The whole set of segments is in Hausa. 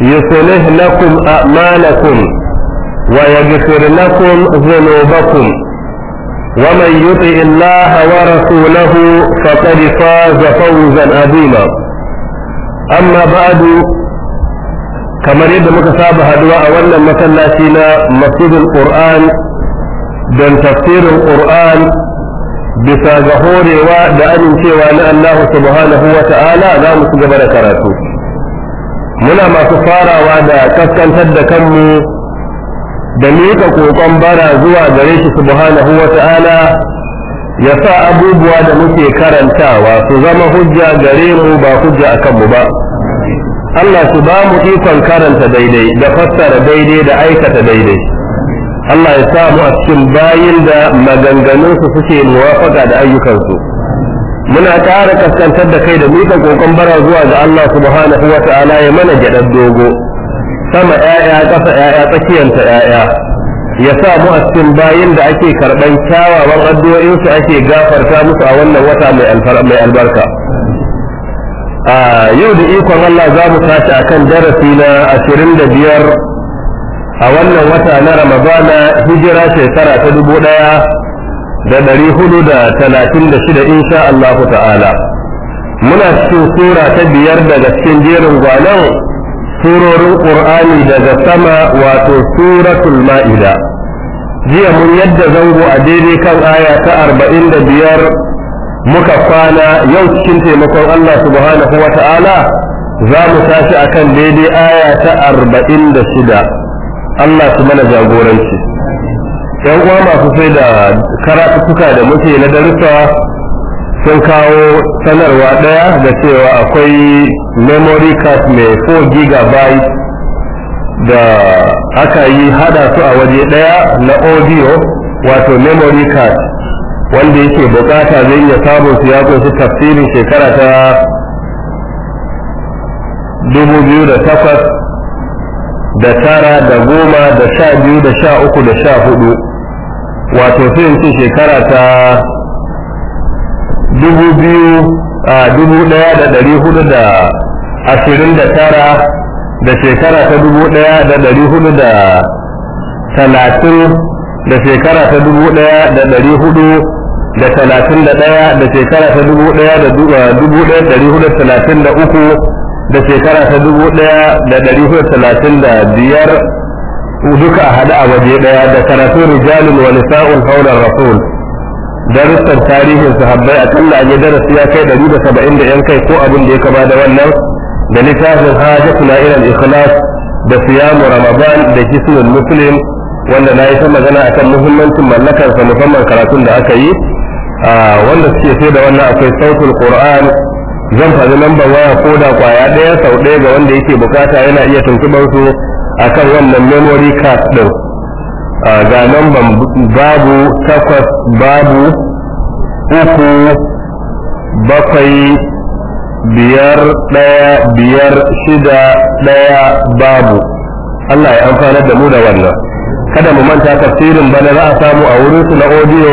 يصلح لكم أعمالكم ويغفر لكم ذنوبكم ومن يطع الله ورسوله فقد فاز فوزا عظيما أما بعد كما يد مكساب هدوء أولا مثلا فينا مسجد القرآن دون تفسير القرآن بسا ظهور ودأن شوى الله سبحانه وتعالى لا مسجد بركاته muna masu farawa da kaskantar da kanmu da miƙa kokon bara zuwa gare shi subhanahu wa ta'ala ya sa abubuwa da muke karantawa su zama hujja gare mu ba hujja a kanmu ba Allah su ba mu ikon karanta daidai da fassara daidai da aikata daidai Allah ya samu a cikin bayin da maganganunsu suke muwafaka da ayyukansu muna ƙara kaskantar da kai da mika kokon bara zuwa ga Allah subhanahu wa ta'ala ya mana gyaɗar dogo sama ƴaƴa ƙasa ƴaƴa tsakiyanta ƴaƴa ya sa mu a cikin bayin da ake karɓan kyawawan addu'o'insu ake gafarta musu a wannan wata mai albarka a yau da ikon Allah za mu tashi akan darasi na ashirin da biyar a wannan wata na Ramadana hijira shekara ta dubu ɗaya da ɗari hudu da talatin da shida insha Allah ta'ala muna cikin sura ta biyar daga cikin jerin gwanon surorin ƙur'ani daga sama wato suratul ma'ida jiya mun yadda zango a daidai kan aya ta arba'in da biyar muka kwana yau cikin taimakon Allah subhanahu wa ta'ala za mu tashi akan daidai aya ta arba'in da shida Allah su mana jagoranci yan uwa masu sai da karatuka da muke na darussa sun kawo sanarwa daya da cewa akwai memory card mai 4 gigabyte da aka yi hada su a waje daya na audio wato memory card wanda yake bukata zai iya samun su ya su tafsirin shekara ta 2008 da tara da goma da sha biyu da sha uku da sha hudu wato sai ce shekara ta dubu a dubu ɗaya da da tara da shekara ta dubu da hudu da shekara ta dubu da hudu da ɗaya da shekara ta dubu da dubu da uku da shekara ta dubu da hudu da biyar duka a hada a waje daya da karatu rijalun wa nisa'un haular rasul darussan tarihin sahabbai a an yi darasi ya kai dari da yan kai ko abin da ya kama da wannan da littafin na ilal ikhlas da siyamu ramadan da kisnul muslim wanda na yi ta magana akan muhimmancin mallakarsa musamman karatun da aka yi wanda suke sai da wannan akwai sautul qur'an zan faɗi lambar waya ko da kwaya ɗaya sau ɗaya ga wanda yake bukata yana iya tuntuɓar su akan wannan memory card din ah, ga lamban babu takwas babu uku bakwai biyar ɗaya biyar shida ɗaya babu Allah ya amfanar da mu da wannan kada mu manta tafsirin bana za a samu a wurinsu na audio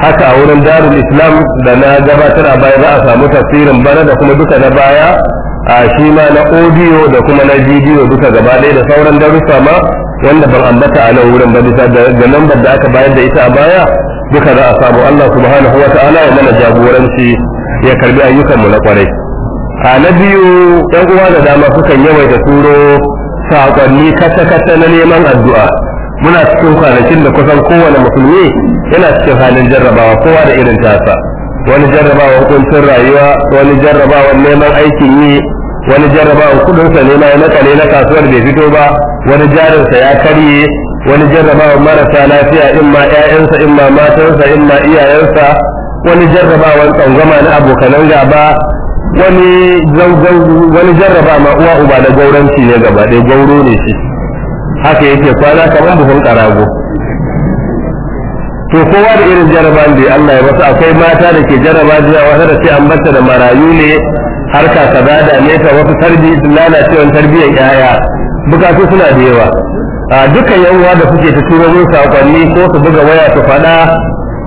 haka a wurin darul islam da na gabatar a baya za a samu tafsirin bana da kuma duka na baya a shi ma na audio da kuma na bidiyo duka gaba ɗaya da sauran darussa ma wanda ban ambata a nan wurin ba bisa da lambar da aka bayar da ita a baya duka za a samu Allah subhanahu wa ta'ala ya mana jagoranci ya karbi ayyukan mu na kwarai a na biyu ɗan uwa da dama sukan yawaita turo saƙonni kasa-kasa na neman addu'a muna cikin kwanakin da kusan kowane musulmi yana cikin halin jarrabawa kowa da irin tasa wani jarrabawar kuncin rayuwa wani jarrabawar neman aikin yi wani a kudin sa ne ma ya nakale na kasuwar bai fito ba wani jarinsa ya karye wani jarrabawa marasa lafiya in ma ƴaƴansa in ma matansa in ma iyayensa wani jarrabawan tsangwama na abokanan gaba wani wani jarraba ma uwa uba da gauranci ne gaba ɗaya gauro ne shi haka yake kwana kamar buhun karago to kowa da irin jaraban da Allah ya masa akwai mata da ke jaraba jiya wata da ce an bata da marayu ne harka ba da ne ta wasu tarbi lalacewar tarbiyyar yaya bukatu suna da yawa a duka yawa da suke ta turo mun sakonni ko su buga waya su faɗa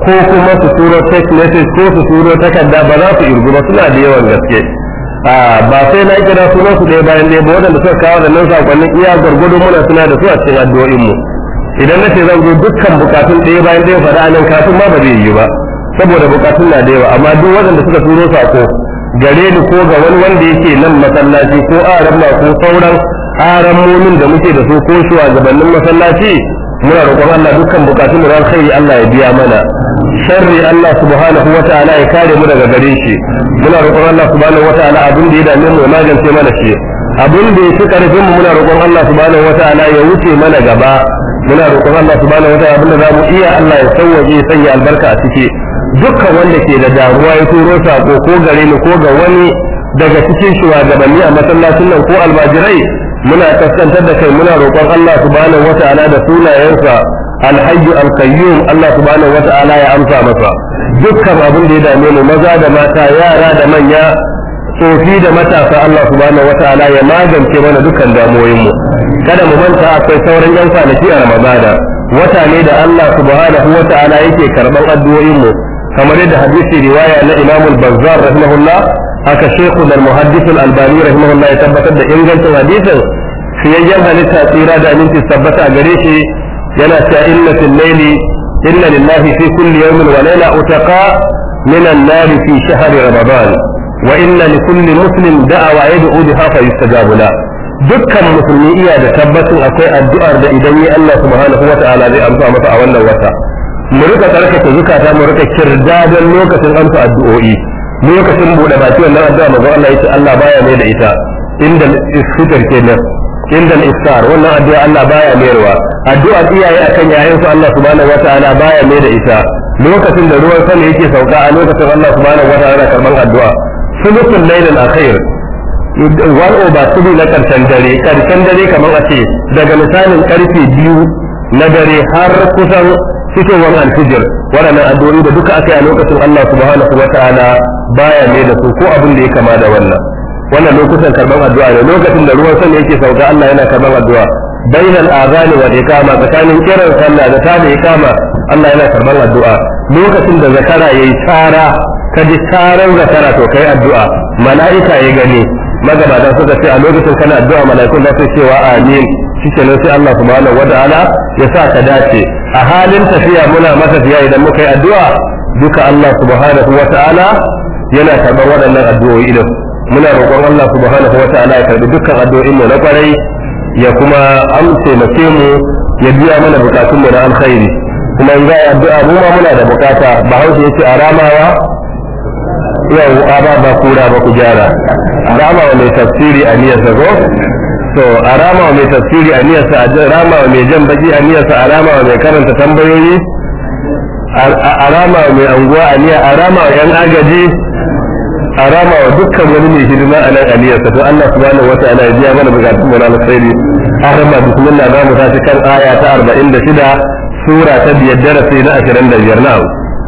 ko kuma su turo text message ko su turo takarda ba za su irgu ba suna da yawan gaske a ba sai na kira sunan su ɗaya bayan ɗaya ba waɗanda suka kawo da nan sakonnin iya gwargwado muna suna da su a cikin addu'o'in idan na ce zan zo dukkan bukatun ɗaya bayan ɗaya faɗa a nan kafin ma ba zai yi ba saboda bukatun na da yawa amma duk waɗanda suka turo sako gare ni ko ga wani wanda yake nan masallaci ko aran ma ko sauran aran momin da muke da su ko gabanin masallaci muna roƙon Allah dukkan bukatun mu ran khairi Allah ya biya mana sharri Allah subhanahu wataala ya kare mu daga gare shi muna roƙon Allah subhanahu wataala abin da ya dame mu ya magance mana shi abin da ya fi karfin mu muna roƙon Allah subhanahu wataala ya wuce mana gaba muna roƙon Allah subhanahu wataala abinda zamu iya Allah ya sauwaje sanya albarka a ciki dukkan wanda ke da damuwa ya turo sako ko gare ni ko ga wani daga cikin shugabanni a masallacin nan ko almajirai muna kaskantar da kai muna roƙon Allah subhanahu ala da sunayensa alhaji alqayyum Allah subhanahu ala ya amsa masa dukkan abin da ya dame mu maza da mata yara da manya tsofi da matasa Allah subhanahu ala ya magance mana dukkan mu. kada mu manta akwai sauran yan kwanaki a ramadana wata ne da Allah subhanahu wa ta'ala yake karban addu'o'in mu kamar yadda hadisi riwaya na Imam al-Bazzar rahimahullah haka Sheikh al-Muhaddith al-Albani rahimahullah ya tabbatar da ingancin hadisin fiyayyen halitta tsira da aminci tabbata a gare shi yana cewa inna fil layli inna lillahi fi kulli yawmin wa layla utaqa min an-nar fi shahri ramadan wa inna li kulli muslim wa yad'u biha fa yustajabu lahu dukkan musulmi iya da tabbacin akwai addu'ar da idan yi Allah subhanahu wa ta'ala zai amsa masa a wannan wata mu rika tsarkake zukata mu rika kirdadan lokacin amsa addu'o'i lokacin bude baki wannan addu'a manzo Allah yace Allah baya mai da ita inda iskutar kenan inda isar wannan addu'a Allah baya mayarwa addu'a iyaye akan yayin su Allah subhanahu wa ta'ala baya mai da ita lokacin da ruwan sama yake sauka a lokacin Allah subhanahu wa ta'ala karban addu'a sulutul lailin akhir one over three na karshen dare karshen dare kamar a ce daga misalin karfe biyu na dare har kusan fitowar alfijir waɗannan addu'o'i da duka aka yi a lokacin Allah subhanahu wa ta'ala baya ne da su ko abin da ya kama da wannan wannan lokacin karban addu'a ne lokacin da ruwan sama yake sauka Allah yana karban addu'a bainal azani wa iqama tsakanin kiran sallah da ya iqama Allah yana karban addu'a lokacin da zakara yayi tsara kaji tsaran zakara to kai addu'a mala'ika ya gani magabata suka ce a lokacin kana addu'a mala'ikun za su cewa amin shikenan sai Allah subhanahu wata'ala ya sa ka dace a halin tafiya muna matafiya idan muka yi addu'a duka Allah subhanahu wata'ala yana karɓar waɗannan addu'o'i din muna roƙon Allah subhanahu wata'ala ya karɓi dukkan addu'o'in mu na kwarai ya kuma amce mace mu ya biya mana bukatun mu na alkhairi kuma in za a addu'a mu ma muna da bukata ba hausa yace aramawa ramawa yau wuƙa ba kura ba ku gyara rama wa mai tafsiri a niyarsa ko to a rama wa mai tafsiri a niyarsa a rama wa mai jan baki a niyarsa a rama wa mai karanta tambayoyi a rama wa mai anguwa a niyar a rama wa yan agaji a rama wa dukkan wani mai hidima a nan a niyarsa to Allah subhanahu wa ta'ala ya biya mana bukatun mu na alkhairi a rama bismillah za mu tashi kan aya ta 46 sura ta biyar darasi na 25 na'u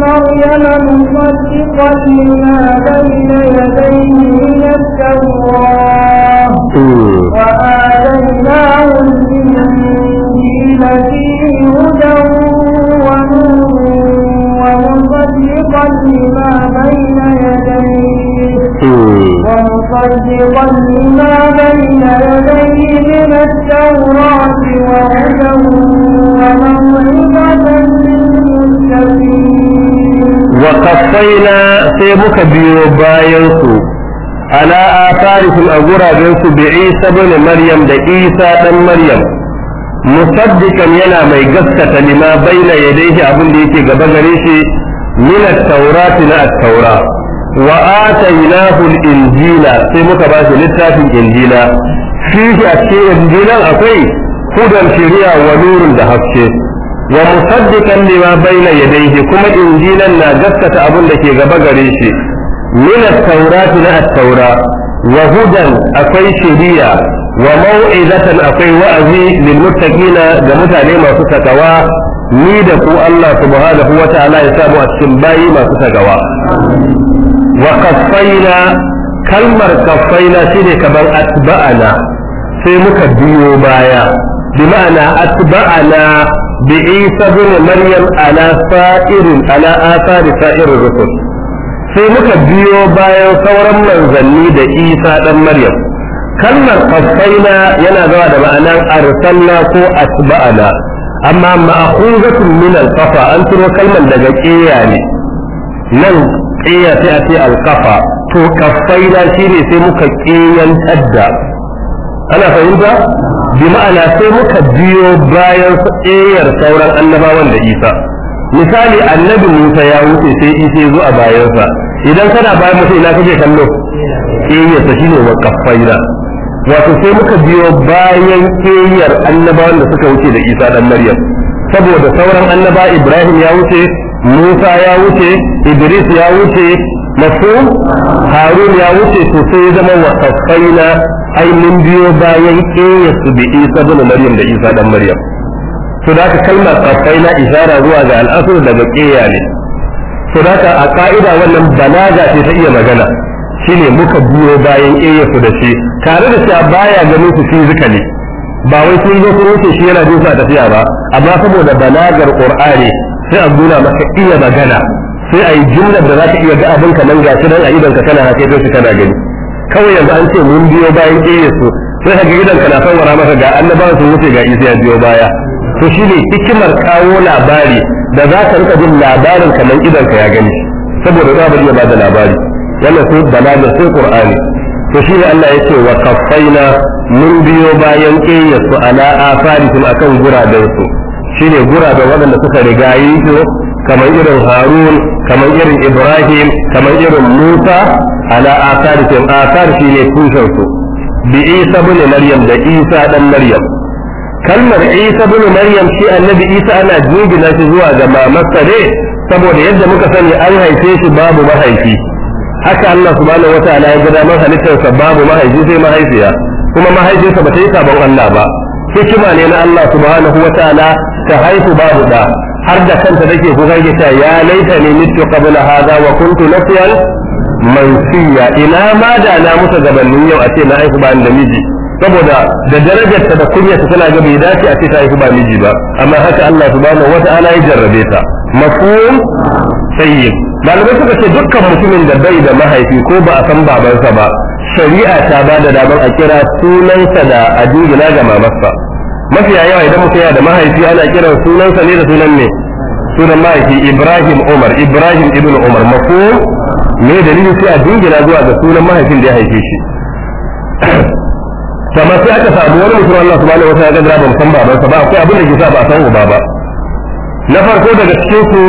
مريم مصدقا لما بين يديه من التوراة وآتيناه الإنجيل فيه هدى ونور ومصدقا لما بين يديه ومصدقا لما بين يديه من التوراة وهدى وموعظة wa kafaina sai muka biyo bayansu ala atharihim a gurabensu bi isa bin maryam da isa dan maryam musaddiqan yana mai gaskata lima baina yadayhi abin da yake gaba gare shi min at-taurati na at-taura wa atainahu al-injila sai muka ba shi littafin injila fihi a cikin injilan akwai hudan shari'a wa nurun da haske wa musaddiqan lima bayna yadayhi kuma injilan na gaskata abin da ke gaba gare shi min at-taurati na at-taura wa hudan akwai shiriya wa mau'izatan akwai wa'azi lil muttaqina ga mutane masu takawa ni da ku Allah subhanahu wa ta'ala ya samu a cikin bayi masu takawa wa kaffaina kalmar kaffaina shine kamar atba'ana sai muka biyo baya bi ma'ana atba'ana بعيسى بن مريم على سائر على آثار سائر الرسل sai muka biyo bayan sauran manzani da isa dan maryam kalmar kaffai na yana gawa da ma'anar arsalna ko asba'ana amma ma'khuzatun min al an turo kalmar daga qiya ne nan qiya sai a ce al-qafa to kafaina shine sai muka qiyan tadda ana fahimta bi ma'ana sai muka biyo bayan tsayar sauran annabawan da isa misali annabi musa ya wuce sai isa ya zo a bayansa idan kana bayan mutum ina kake kallo ƙeyarsa shine wa wato sai muka biyo bayan tsayar annabawan da suka wuce da isa dan maryam saboda sauran annaba ibrahim ya wuce musa ya wuce idris ya wuce masu harun ya wuce sosai zama wa kafaina ai mun biyo bayan ya su bi isa bin maryam da isa dan maryam to da ka kalma tsakai na isara zuwa ga al'asur daga keya ne to da ka a ka'ida wannan balaga ce ta iya magana shine muka biyo bayan ya su da shi tare da cewa baya ganin su fizikali ba wai sun zo sun wuce shi yana jin sa tafiya ba amma saboda balagar qur'ani sai a nuna maka iya magana sai a yi jumlar da za ka iya ga abin nan nan shi dan a idan ka kana hake sai kana gani kawai yanzu an ce mun biyo bayan ƙiye su sai ka gidan ka na wara maka ga annabawa sun wuce ga isa ya biyo baya to shi hikimar kawo labari da za ka rika jin labarin kamar idan ka ya gani saboda za mu iya ba da labari wannan sai balaga sai qur'ani to shi ne Allah ya ce wa kafaina mun biyo bayan ƙiye su ala afarihim akan guraben su shine guraben waɗanda suka rigayi su kamar irin harun kamar irin ibrahim kamar irin musa ala asarihim asar shi ne tushen su bi isa bin maryam da isa dan maryam kalmar isa bin maryam shi annabi isa ana jingina shi zuwa ga mamarsa ne saboda yadda muka sani an haife shi babu mahaifi haka Allah subhanahu wataala ya gada man halittarsa babu mahaifi sai mahaifiya kuma mahaifinsa ba ta yi sabon Allah ba hikima ne na Allah subhanahu wataala ta haifu babu da har da kanta take kuka ke ta ya laita ne mitu qabla hada wa kuntu nasiyan mansiya ina ma da na musa gabanin yau a ce na aiku ba da miji saboda da darajarta da kunyarta tana ga bai dace a ce ta aiku ba miji ba amma haka Allah subhanahu ta'ala ya jarrabe ta mafhum sayyid malamai suka ce dukkan mutumin da bai da mahaifi ko ba a san babansa ba shari'a ta ba da damar a kira sunansa da a ga mamarsa mafiya yawa idan muka yi da mahaifi ana kiran sunansa ne da sunan ne sunan mahaifi Ibrahim Umar Ibrahim ibn Umar mako ne dalilin sai a dingina zuwa ga sunan mahaifin da ya haife shi kama sai aka samu wani mutum Allah subhanahu wataala ga ba ban san babansa ba akwai abin da ke sa ba san uba ba na farko daga cikin su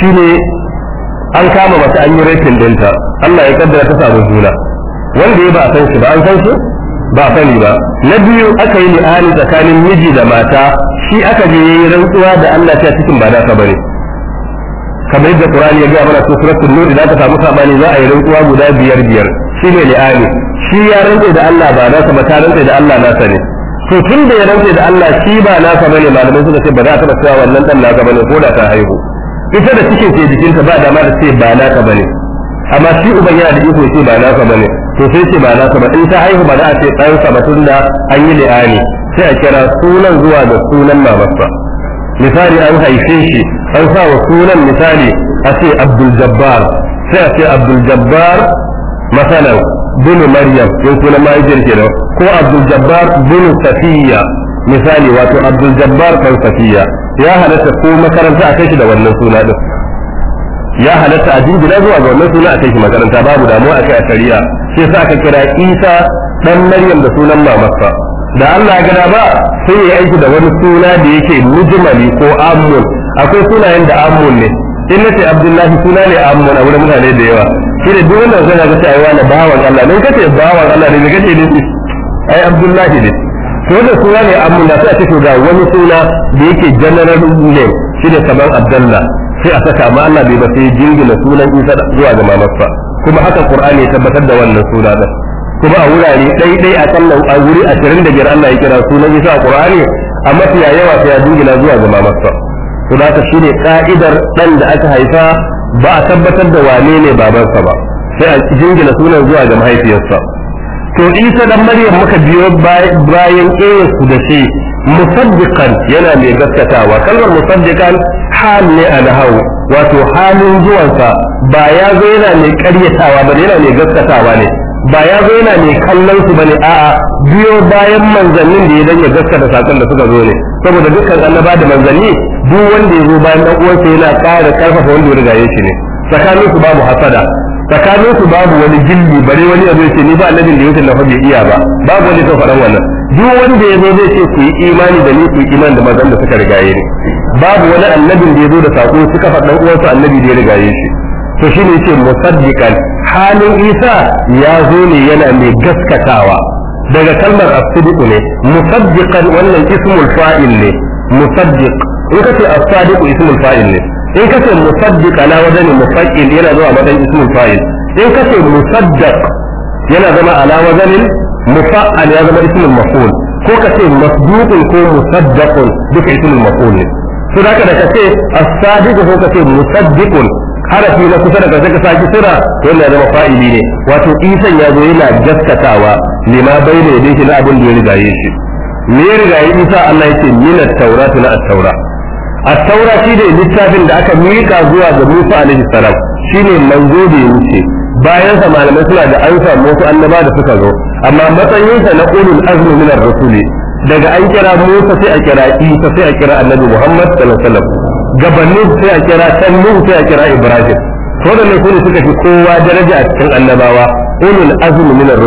shine an kama mace an yi rekin dinta Allah ya kaddara ta samu juna wanda ya ba a san shi ba an san shi ba sani ba na biyu aka yi li'ani tsakanin miji da mata shi aka je yayi rantsuwa da Allah ta cikin ba da ka bane kamar yadda Qur'ani ya ga mana su suratul nur da aka samu sabani za a yi rantsuwa guda biyar biyar shi ne li'ani shi ya rantsa da Allah ba nasa ba ta rantsa da Allah nasa ne to tun da ya rantsa da Allah shi ba nasa ne malamai suka ce ba za a ba cewa wannan dan nasa ne ko da ta haihu ita da cikin ke jikinta ba ma ta ce ba nasa bane amma shi uban yana da iko ce ba nasa ne. to sai ce ba nasa ba in ta haihu ba za a ce ɗansa ba da an yi li'ani sai a kira sunan zuwa ga sunan mamarsa misali an haife shi an sa wa sunan misali a ce abdul jabbar sai a ce abdul jabbar masalan bin maryam in sunan mahaifiyar kenan ko abdul jabbar bin safiya misali wato abdul jabbar kan safiya ya halatta ko makaranta a kai shi da wannan suna din ya halatta a jingina zuwa ga wannan suna a kai shi makaranta babu damuwa a kai a shari'a sai sa aka kira isa dan maryam da sunan mamarsa da Allah ya gada ba sai ya aiki da wani suna da yake mujmali ko amun akwai sunayen da amun ne in nace abdullahi suna ne amun a wurin mutane da yawa shi da duk wanda zai ga ta aiwa na bawan Allah ne kace bawan Allah ne kace ne ai abdullahi ne su da suna ne amun da sai a ce ga wani suna da yake general ne shi da kaman abdullah sai a saka ma Allah bai ba sai jingina sunan Isa zuwa ga mamarsa kuma haka Qur'ani ya tabbatar da wannan suna da kuma a wurare dai a kalla a wuri 25 Allah ya kira sunan Isa a Qur'ani amma ya yawa sai ya jingina zuwa ga mamarsa to da ka shine ka'idar dan da aka haifa ba a tabbatar da wane ne babansa ba sai a jingina sunan zuwa ga mahaifiyarsa to Isa dan Maryam muka biyo bayan su da shi musaddiqan yana mai gaskatawa kalmar musaddiqan hal ne a nahau wato halin zuwansa ba ya zo yana mai karyatawa ba yana mai gaskatawa ne ba ya zo yana mai kallon su bane a'a biyo bayan manzannin da ya dan gaskata sakan da suka zo ne saboda dukkan annaba da manzanni duk wanda ya zo bayan dan uwansa yana ƙara karfafa wanda ya riga shi ne tsakanin su babu hasada tsakanin su babu wani jilli bare wani ya ce ni ba annabin da ya lafa bai iya ba babu wani kan faɗan wannan duk wanda ya zo zai ce ku yi imani da ni ku yi imani da mazan da suka rigaye ni babu wani annabin da ya zo da sako suka faɗan uwansu annabi da ya rigaye shi to shine yace musaddiqan halin Isa ya zo ne yana mai gaskatawa daga kalmar as ne musaddiqan wannan ismul fa'il ne musaddiq in ce as ismul fa'il ne in ka ce musaddiq ala wazani mufaqqil yana zuwa madan ismul fa'il in ka kace musaddaq yana zama ala wazani mufa'al ya zama ismul maf'ul ko ka ce masduq ko musaddaq duk ismul maf'ul ne to da kada kace as-sadiq ko ce musaddiqun harafi na kusa daga sai ka saki sura to yana zama fa'ili ne wato isan ya zo yana gaskatawa lima bayyana shi, na abin da ya rigaye shi me ya rigaye isa Allah yake min at-tauratu na at at-taura shine littafin da aka mika zuwa ga Musa alaihi salam shine manzo da ya wuce bayan malamai suna da an samu wasu annaba da suka zo amma matsayinsa na ulul azmi min ar daga an kira Musa sai a kira Isa sai a kira Annabi Muhammad sallallahu alaihi wasallam sai a kira Tannu sai a kira Ibrahim to da ne suka fi kowa daraja a cikin annabawa ulul azmi min ar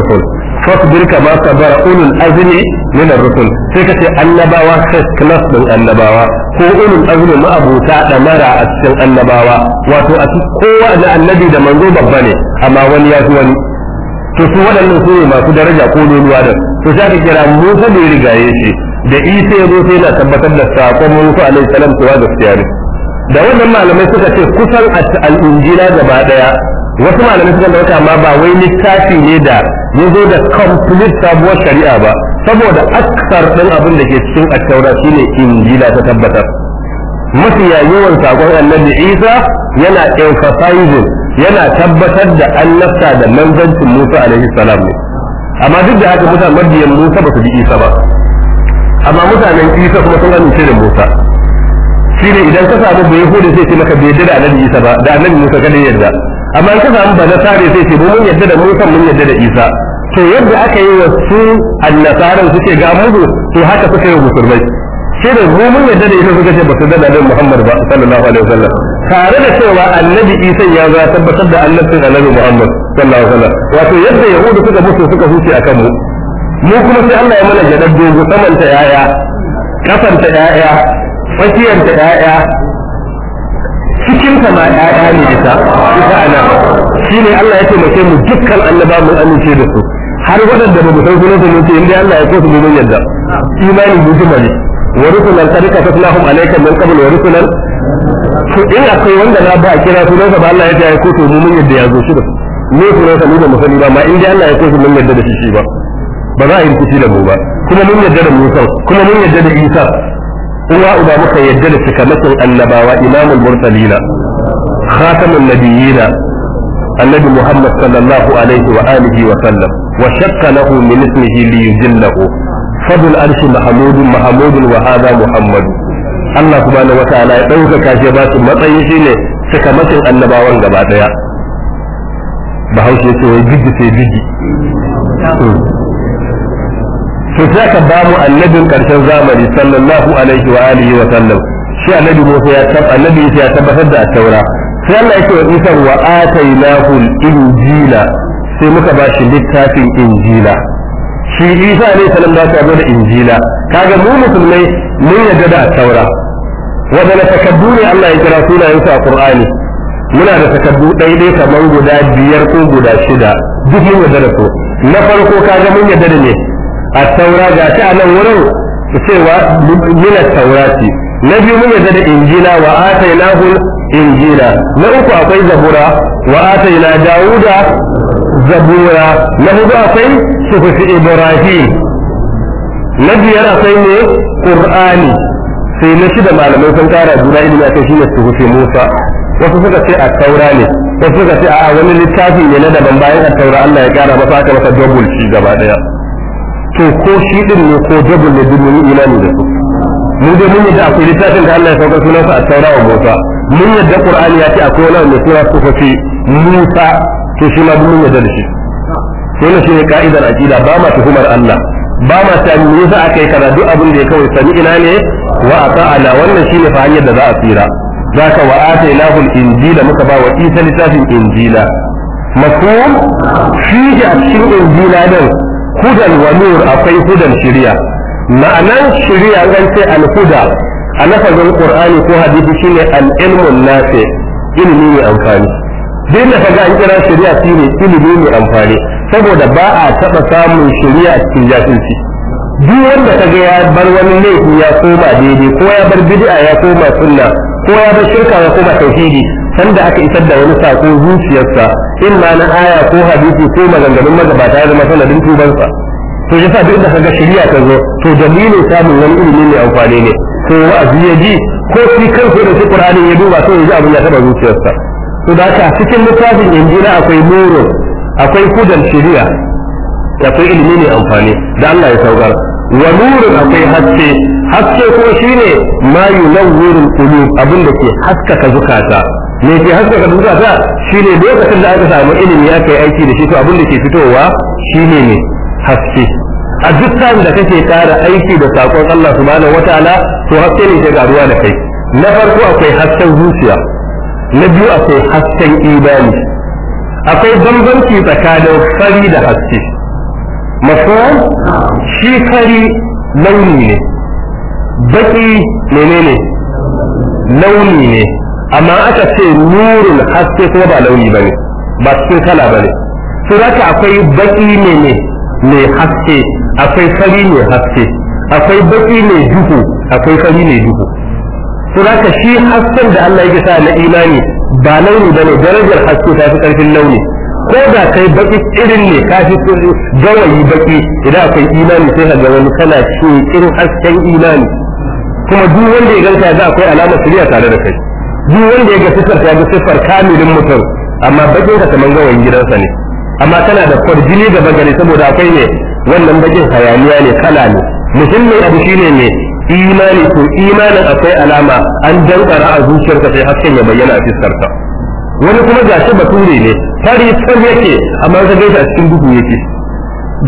fasbir kama bara ulul azmi min ar-rusul sai kace annabawa first class din annabawa ko ulul azmi ma'abuta damara a cikin annabawa wato a kowa da annabi da manzo babba ne amma wani ya fi wani to su waɗannan su ne masu daraja ko loluwa da to sai ka kira Musa da rigaye shi da Isa ya zo sai na tabbatar da mun Musa alaihi salam cewa gaskiya ne da wannan malamai suka ce kusan al-injila gaba daya wasu malamai suka dauka ma ba wai littafi ne da ya zo da complete sabuwar shari'a ba saboda aksar ɗin abin da ke cikin attaura shine injila ta tabbatar mafi yawan sakon annabi isa yana emphasizing yana tabbatar da annabta da manzancin musa alaihi salam ne amma duk da haka mutanen madiyan musa ba su bi isa ba amma mutanen isa kuma sun amince da musa shine idan ka samu bai hudu sai ce maka bai da annabi isa ba da annabi musa kada yarda amma ka samu ba nasare sai ce mun yadda da musa mun yadda da isa to yadda aka yi wa su annasaran suke ga mudu to haka suka yi musulmai sai da mu mun yadda da isa suka ce ba su da nan muhammad ba sallallahu alaihi wasallam tare da cewa annabi isa ya ga tabbatar da annabin annabi muhammad sallallahu alaihi wasallam wato yadda yahudu suka mutu suka huce akan mu mu kuma sai Allah ya mana gadar samanta yaya kafanta yaya fasiyanta yaya cikin jikinta ma ƴaƴa ne ita ita ana shine Allah ya taimake mu dukkan annaba mu amince da su har waɗanda ba mu san sunan su mun ce inda Allah ya kosu mun yadda imani mu kuma ne wa rusulan qad katabnahum alayka min qabl wa rusulan to in akwai wanda na ba kira sunan sa ba Allah ya ta ko to mu mun yadda ya zo shi da su ne sunan sa mu ba mu ba ma inda Allah ya kosu mun yadda da shi ba ba za a yi rikici da mu ba kuma mun yadda da Musa kuma mun yadda da Isa uwa uba muka yadda da cikamakin annabawa imamul mursalina khatamun nabiyina annabi muhammad sallallahu alaihi wa alihi wa sallam wa shakka lahu min ismihi li yujillahu fadl arshi mahmudun mahmudun wa hada muhammad Allah subhanahu wa ta'ala ya dauka shi ba su matsayi shine annabawan gaba daya bahaushe ce wai gidi sai gidi to sai ka ba mu annabin karshen zamani sallallahu alaihi wa alihi wa sallam shi annabi Musa ya tab annabi ya tabbatar da taura sai Allah yake wa Isa wa atainahu injila sai muka ba shi littafin injila shi Isa ne sallallahu alaihi wa sallam da injila kaga mu musulmai mun yadda da taura wadanda takaddu ne Allah ya kira sunayensa a Qur'ani muna da takaddu ɗaiɗai kamar guda biyar ko guda shida duk mun yarda da su na farko kaga mun yadda da ne a taura ga ta a nan wurin cewa minas taurati na biyu mun yadda da injila wa atainahu injila na uku akwai zabura wa ataina dawuda zabura na hudu akwai sufufi ibrahim na biyar akwai ne qur'ani sai na shida malamai sun kara juna ilimi akan shine sufufi musa wasu suka ce a taura ne wasu suka ce a wani littafi ne na daban bayan a taura Allah ya kara masa aka masa double shi gaba daya to ko shi din ne ko jabul da dinin imani da su mu dai mun yadda akwai littafin da Allah ya saukar sunan sa a taura wa Musa mun yadda Qur'ani ya ce akwai wani mai sura sufafi Musa to shi ma mun yadda da shi to ne shi ne ka'idar aqida ba ma tuhumar Allah ba ma ta me akai kaza duk abin da ya kawai sani ina ne wa ata'ala wannan shine fa hanyar da za a tsira zaka wa atainahu al-injila muka ba wa isa littafin injila mafhum fihi a cikin injila din hudan wa nur akwai hudan shiriya ma'anan shiriya an ce al huda a lafazin qur'ani ko hadisi shine al ilmu nafi ilimi mai amfani duk da kaga an kira shiriya shine ilimi mai amfani saboda ba a taba samun shiriya cikin jahilci duk wanda kaga ya bar wani laifi ya koma daidai ko ya bar bid'a ya koma sunna ko ya bar shirka ya koma tauhidi sanda aka isar da wani sako zuciyarsa in ma na aya ko hadisi ko maganganun magabata ya zama sanadin tubansa to yasa duk da kaga shari'a ta zo to dalilin samun wani ilimi mai amfani ne to wa'azi ya ji ko shi kansa da shi Qur'ani ya duba sai ya ji abin ya taba zuciyarsa to da haka cikin littafin injila akwai muru, akwai kudan shari'a akwai ilimi mai amfani da Allah ya saukar wa nurun akwai haske haske ko shine ma yulawwirul qulub abin da ke haskaka zukata me ke ka duka ta shine lokacin da aka samu ilimi ya kai aiki da shi to abin da ke fitowa shine ne haske a duk sa'in da kake kara aiki da sakon Allah subhanahu wataala to haske ne ke garuwa da kai na farko akwai hasken zuciya na biyu akwai hasken imani akwai bambanci tsakanin fari da haske mafhum shi fari launi ne baki menene launi ne amma aka ce nurin haske kuma ba launi ba ne ba cikin kala ba ne suraka akwai baki ne ne mai haske akwai fari ne haske akwai baki ne duhu akwai fari ne duhu suraka shi hasken da Allah yake sa na imani ba launi ba ne darajar haske ta fi karfin launi ko da kai baki irin ne ka fi gawayi baki idan akwai imani sai ka ga wani kana cikin hasken imani kuma duk wanda ya ganka za akwai alamar shirya tare da kai duk wanda ya ga sifar ta ga siffar kamilin mutum amma bakin ka kaman gawayin gidansa ne amma tana da jini da bagare saboda akwai ne wannan bakin hayaniya ne kala ne muhimmin abu shine ne imani ko imanin akwai alama an dankara a zuciyarka sai hasken ya bayyana a fiskarka wani kuma shi bature ne fari tsar yake amma ka gaisa a cikin duhu yake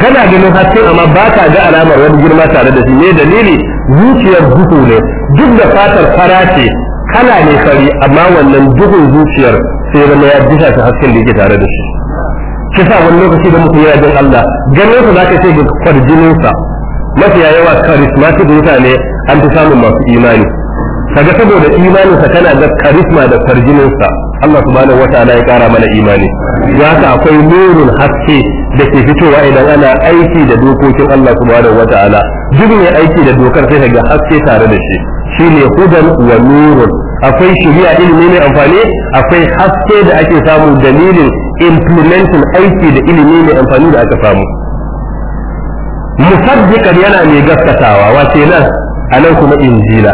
gana ganin haske amma ba ka ga alamar wani girma tare da shi ne dalili zuciyar duhu ne duk da fatar fara ce kana ne fari amma wannan duhun zuciyar sai zama ya bisa ta hasken da yake tare da shi kisa wani lokaci da mutum yana jin Allah ganin sa zaka ce ga kwarjinin sa mafiya yawa charismatic mutane an fi samun masu imani kaga saboda imaninsa kana da karisma da sa Allah subhanahu wataala ya kara mana imani ya haka akwai nurun haske da ke fitowa idan ana aiki da dokokin Allah subhanahu wataala duk mai aiki da dokar sai kaga haske tare da shi shine hudan wa nurun akwai shari'a ilimi mai amfani akwai haske da ake samu dalilin implementing aiki da ilimi mai amfani da aka samu musaddiqan yana mai gaskatawa wace nan? anan kuma injila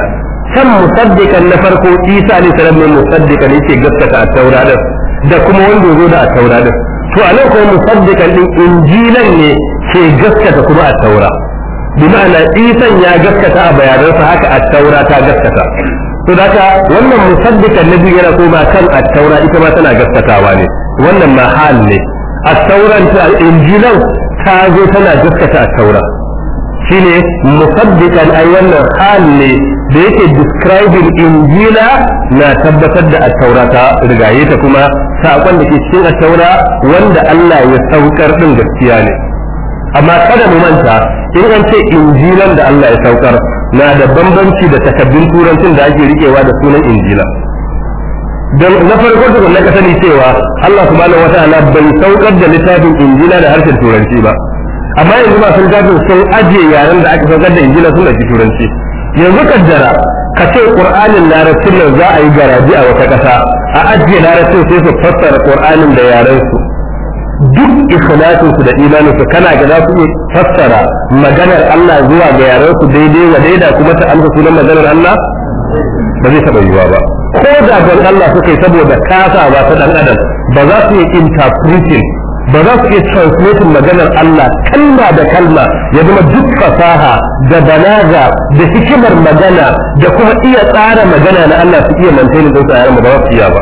kan musaddika na farko Isa alaihi salam ne musaddiqan yake gaskata a taura da kuma wanda zo da a taura to a lokacin musaddiqan din injilan ne ke gaskata kuma a taura bi ma'ana Isan ya gaskata a bayanansa haka a taura ta gaskata to haka wannan musaddiqan na biyu yana koma kan a taura ita ma tana gaskatawa ne wannan ma hal ne a tauran ta injilan ta zo tana gaskata a taura shine musaddiqan ai wannan hal ne da yake describing injila na tabbatar da attaura ta rigaye ta kuma sakon da ke cikin attaura wanda Allah ya saukar din gaskiya ne amma kada mu manta in an ce injilan da Allah ya saukar na da bambanci da takaddun turancin da ake rikewa da sunan injila don na farko tukun na kasani cewa Allah subhanahu wataala bai saukar da littafin injila da harshen turanci ba amma yanzu ba sun littafin sun ajiye yaren da aka saukar da injila sun ji turanci yanzu kaddara ka ce qur'anin larabcin nan za a yi garaji a wata kasa a ajiye larabcin sai su fassara qur'anin da yaren su duk ikhlasin su da imanin su kana ga za su yi fassara maganar Allah zuwa ga yaren su daidai wa daida kuma ta amsa sunan maganar Allah ba zai taɓa yiwuwa ba ko da dan Allah suka yi saboda kasa ba ta dan adam ba za su yi interpreting ba za su iya translating maganar Allah kalma da kalma ya zama duk fasaha da balaga da hikimar magana da kuma iya tsara magana na Allah su iya maintaining din mu ba su iya ba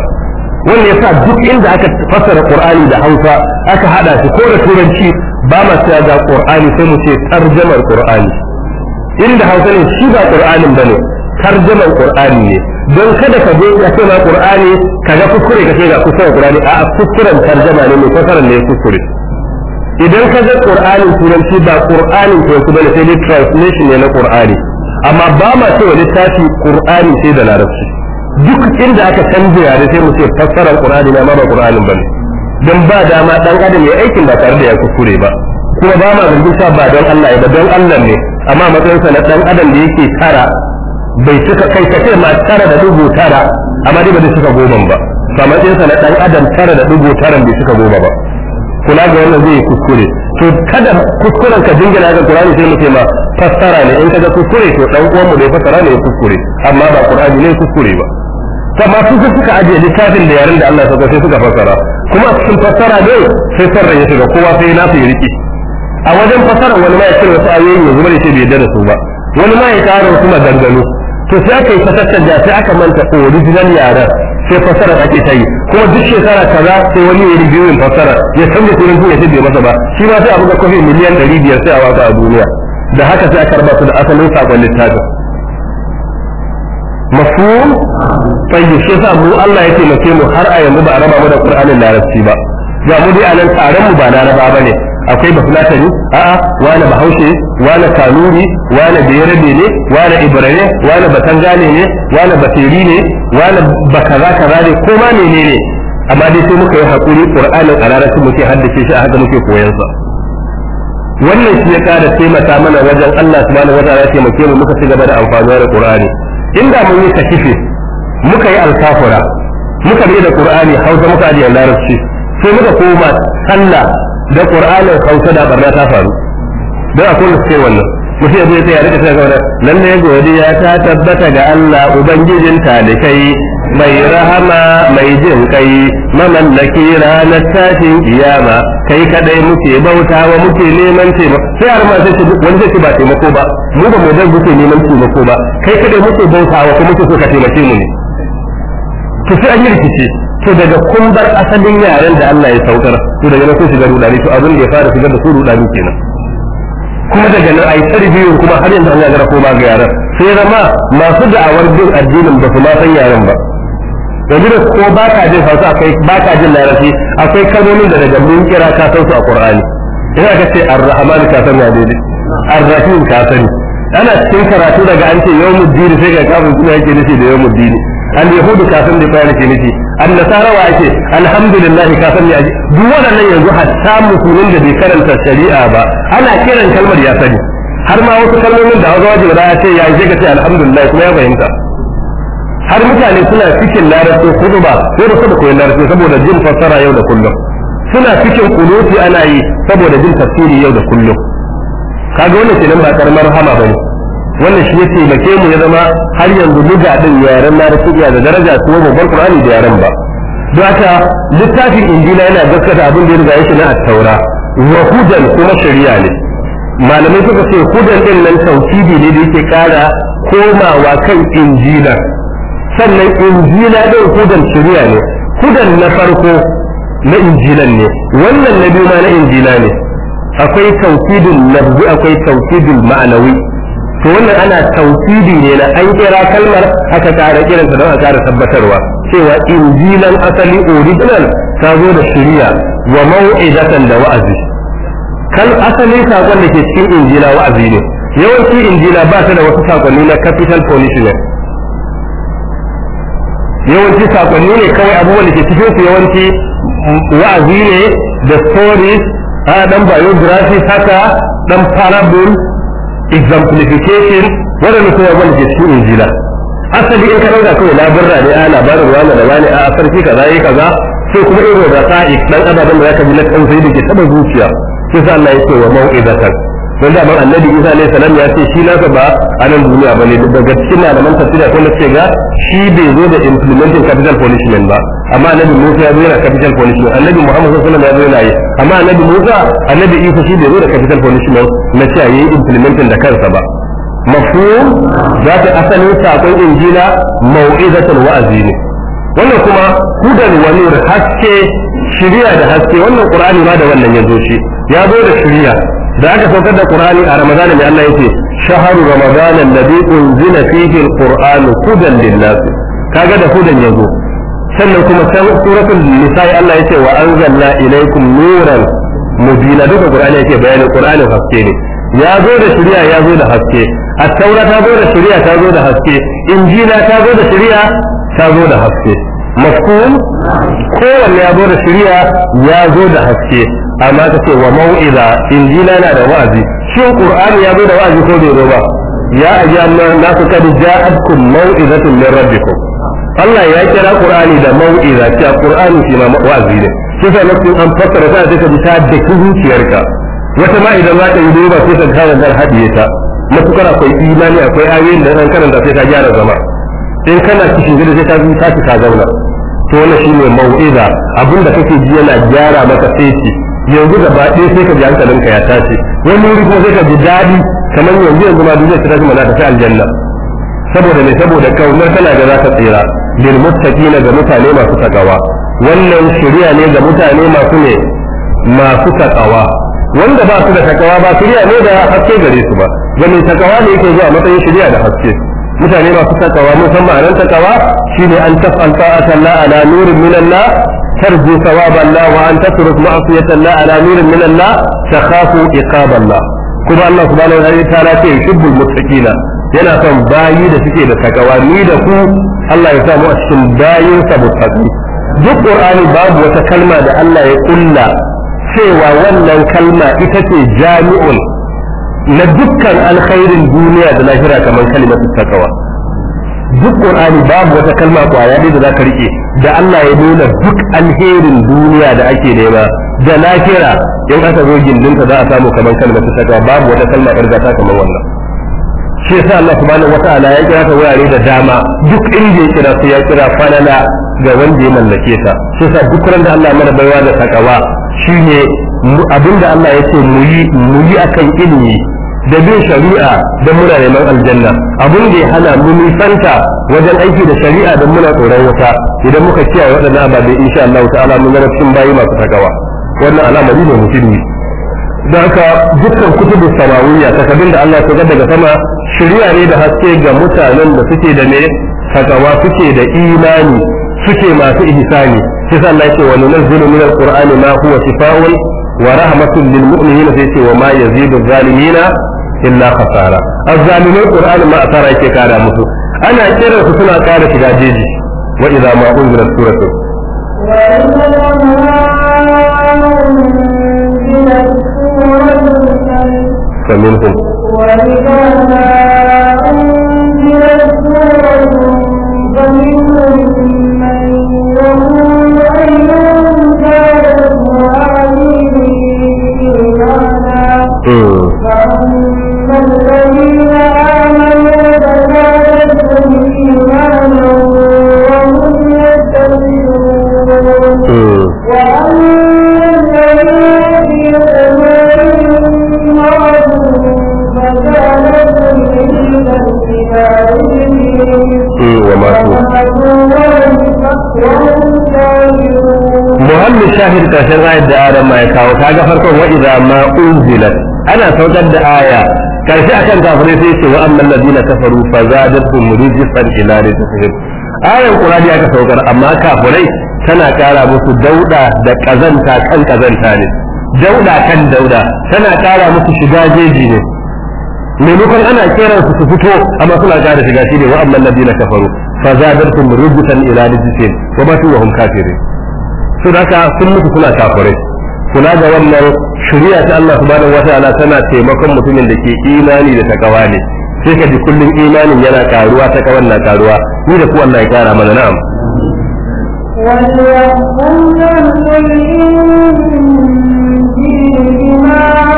wannan yasa duk inda aka fassara Qur'ani da Hausa aka hada shi ko da turanci ba ma sai ga Qur'ani sai mu ce tarjamar Qur'ani inda Hausa ne shi ba Qur'anin bane tarjaman qur'ani ne don kada ka je ka ce ma qur'ani kaga kuskure ka ce ga kuskuren qur'ani a kuskuren tarjama ne mai fasaran ne kuskure idan ka ga qur'anin turanci ba qur'anin turanci bane sai translation ne na qur'ani amma ba ma wani tashi qur'ani sai da larabci duk inda aka canza yare sai mu ce fassarar qur'ani ne ma ba qur'anin bane dan ba dama dan adam ya aikin ba tare da ya kukure ba kuma ba ma zargin ba don Allah ya ba don Allah ne amma matsayinsa na dan adam da yake tara bai cika kai ka ce ma tara da dubu tara amma dai ba zai cika goma ba to amma ɗinsa na adam tara da dubu tara bai cika goma ba kula ga wannan zai kuskure to kada kuskuren ka jingina ga Qur'ani sai mu ce ma fassara ne in kaga kuskure to dan uwan mu da fassara ne kuskure amma ba Qur'ani ne kuskure ba amma su suka ajiye littafin da yaren da Allah ya saka sai suka fassara kuma sun fassara ne sai sarra ya shiga kowa sai na su riki a wajen fassara wani ma ya ce wasu ayoyi zuma ne shi bai yarda da su ba wani ma ya kara wasu maganganu to sai aka yi fasassan da sai aka manta original yaran sai fasara ake ta yi kuma duk shekara kaza sai wani ya rijiyoyin fasara ya san da turanci ya sai bai masa ba shi ma sai a buga kofi miliyan ɗari biyar sai a waka a duniya da haka sai aka su da asalin sakon littafin mafhum tayyib shi yasa mu Allah ya taimake mu har a yanzu ba a raba mu da Qur'anin larabci ba ga mu dai anan taron mu ba laraba bane akwai bafulatani a'a wala bahaushe wala kanuri wala bayarabe ne wala ibrane wala batangane ne wala Bateri ne wala bakaza kaza ne ko ma menene amma dai sai muka yi hakuri qur'anin a muke haddace shi a haka muke koyon sa wannan shi ya kara taimaka mana wajen Allah subhanahu wataala ya taimake mu muka ci gaba da amfani da qur'ani inda mun yi kashife muka yi alkafura muka bi da qur'ani hausa muka ajiye larabci sai muka koma sallah da qur'anin hausa da barna ta faru da a su ce wannan mutum zai tsaya rika tsaya gaba lalle godiya ta tabbata ga Allah ubangijin talikai mai rahama mai jin kai mamallaki ranar tashin kiyama kai kadai muke bauta wa muke neman taimako sai har ma sai ce wani zai ce ba taimako ba mu ba mu dan muke neman taimako ba kai kadai muke bauta wa kuma muke so ka taimake mu ne to sai an yi rikici to daga kun bar asalin yaren da Allah ya saukar to daga nan sun shiga ne to abin da ya fara shigar da su ne kenan kuma daga nan ai tarbiyyu kuma har yanzu an ko ba ga yaran sai zama masu da'awar bin addinin da su ma san yaren ba yanzu da ko ba ka jin hausa akwai ba ka jin larabci akwai kalmomin da daga mun kira ka san su a qur'ani idan aka ce ar-rahman ka san ya daidai ar-rahim ka san ana cikin karatu daga an ce yawmuddin sai ga kafin kuma yake nufi da yawmuddin al yahudu kafin da fara ke nufi an nasara wa ake alhamdulillah kafin ya ji duk waɗannan yanzu hatta musulmin da bai karanta shari'a ba ana kiran kalmar ya sani har ma wasu kalmomin da hausa wajibi ya ce ya je ka ce alhamdulillah kuma ya fahimta har mutane suna cikin larabci kudu ba sai da su da koyon larabci saboda jin fassara yau da kullum suna cikin kunuti ana yi saboda jin tafsiri yau da kullum kaga wannan kenan ba karamar hama bane wannan shi ya taimake mu ya zama har yanzu buga din yaren larabci iya da daraja kuma mu bar qur'ani da yaren ba don haka littafin injila yana gaskata abin da ya riga ya shi na at-taura wa hudan kuma shari'a ne malamai suka ce hudan din nan tauhidi ne da yake kara komawa kan injila sannan injila din hudan shari'a ne hudan na farko na injilan ne wannan na biyu ma na injila ne akwai tauhidin lafzi akwai tauhidin ma'anawi to wannan ana tausidi ne na an kira kalmar aka kara kiranta don a kara tabbatarwa cewa injilan asali original ta zo da shari'a wa mau'izatan da wa'azi kal asali sakon da ke cikin injila wa'azi ne yawanci injila ba ta da wasu sakonni na capital punishment yawanci sakonni ne kawai abubuwan da ke cikin su yawanci wa'azi ne da stories a dan biography haka dan parable exemplification waɗanda kuma wanda ke su injila asali in ka ɗauka kawai labarra ne a labarin wani da wani a sarki kaza yi kaza sai kuma irin da sa'i dan ababen da zaka bi na kan sai da ke zuciya sai Allah ya ce wa mau'izatan don da man annabi isa alaihi salam ya ce shi nasa ba a nan duniya bane daga cikin malaman tafsira ko na ce ga shi bai zo da implementing capital punishment ba amma annabi musa ya zo yana capital punishment annabi muhammad sallallahu alaihi wasallam ya zo yana yi amma annabi musa annabi isa shi bai zo da capital punishment na ce yayi implementing da kansa ba mafhum za ta asalin sakon injila mau'izatul wa'azi ne wannan kuma hudan wa nur haske shiriya da haske wannan qur'ani ma da wannan yazo shi ya zo da shiriya da aka saukar da qur'ani a ramadana mai Allah yake shahru ramadan alladhi unzila fihi alquran hudan lin-nas kaga da hudan yazo sannan kuma suratul nisa Allah yake wa anzalna ilaykum nuran mubina duka qur'ani yake bayanin qur'ani haske ne ya zo da shari'a ya zo da haske at-taura ta zo da shari'a ta zo da haske injila ta zo da shari'a ta zo da haske mafhum kowanne ya zo da shari'a ya zo da haske amma ka ce wa mau'iza injila na da wa'azi shin qur'ani ya zo da wa'azi ko bai zo ba ya na nasu kad ja'atkum mau'izatun min rabbikum Allah ya kira qur'ani da mau'iza shi qur'ani shi ma wa'azi ne shi sai nasu an fassara ka take ta da zuciyarka wata ma idan za ka yi duba sai ka kawo dan hadiye ta matukar akwai imani akwai ayoyin da ran karanta sai ka gyara zama in kana cikin gida sai ka zo ka ci ka zauna to wannan shine mau'iza abinda kake ji yana gyara maka sai yanzu gaba ɗaya sai ka ji hankalin ka ya tashi wani wuri kuma sai ka ji daɗi kamar yanzu yanzu ma duniya ta zama mana ta aljanna saboda ne saboda kaunar tana da za ta tsira lil muttaqina ga mutane masu takawa wannan shari'a ne ga mutane masu ne masu takawa wanda ba su da takawa ba shari'a ne da haske gare su ba ganin takawa ne yake zuwa matsayin shari'a da haske mutane masu takawa musamman a nan takawa shine an tafanta ta'ata la ala nurin minan Allah ترجو ثواب الله وأن تترك معصية الله على نور من الله تخاف عقاب الله كما الله سبحانه وتعالى يحب المتقين yana son bayi da suke da takawa ni da ku Allah ya samu a cikin bayin sa duk qur'ani babu wata kalma da Allah ya kulla cewa wannan kalma ita ce jami'un na dukkan alkhairin duniya da lahira kamar kalmar takawa duk qur'ani babu wata kalma kwaya ne da zaka rike da Allah ya nuna duk alherin duniya da ake nema da lafira in aka zo ta za a samu kamar kalma ta saka babu wata kalma irga ta kamar wannan shi yasa Allah subhanahu wata'ala ya kira ta wurare da dama duk inda ya kira su ya kira falala ga wanda ya mallake ta shi yasa duk ran da Allah mana baiwa da takawa shine abinda Allah ya ce muyi yi akan ilimi da bin shari'a don muna neman aljanna abin da ya hana mu nisanta wajen aiki da shari'a don muna tsoron wata idan muka kiyaye waɗannan ababe insha Allah ta'ala mun ga cikin bayi masu tagawa wannan alamari ne musulmi da haka dukkan kutubu samawiyya takardun da Allah ya daga sama shari'a ne da haske ga mutanen da suke da me takawa suke da imani suke masu ihsani kisa Allah yake wa nunzilu min alqur'ani ma huwa shifaa'un wa rahmatun lil sai ce wa ma yazidu zalimina illa khasara azzalimai qur'ani ma asara yake kara musu ana kira su suna kara shiga jeji wa idza ma unzira suratu فمنهم وإذا ما أنزلت سورة فمنهم من يقول أيهم كانت إيمانا Muhammadu muhallu shahid karshen ayar da adam mai kawo kaga farkon wa'i idza ma unzilat ana saukar da aya karshe akan kafirai sai ce wa amman ladina kafaru fa zadatuhum rijfan ila rijfihim ayar qur'ani aka saukar amma kafirai tana kara musu dauda da kazanta kan kazanta ne dauda kan dauda tana kara musu shiga jeji ne maimakon ana kera su su fito amma suna kara shiga shi ne wa amman na kafaru fa zadartum rujutan ila rijsin wa matu wa hum kafirin su da ka sun mutu suna kafirai kula ga wannan shiriya ta Allah subhanahu wataala tana taimakon mutumin da ke imani da takawa ne sai ka kullum imanin yana karuwa takawan na karuwa ni da ku Allah ya kara mana na'am وليقول الذين بما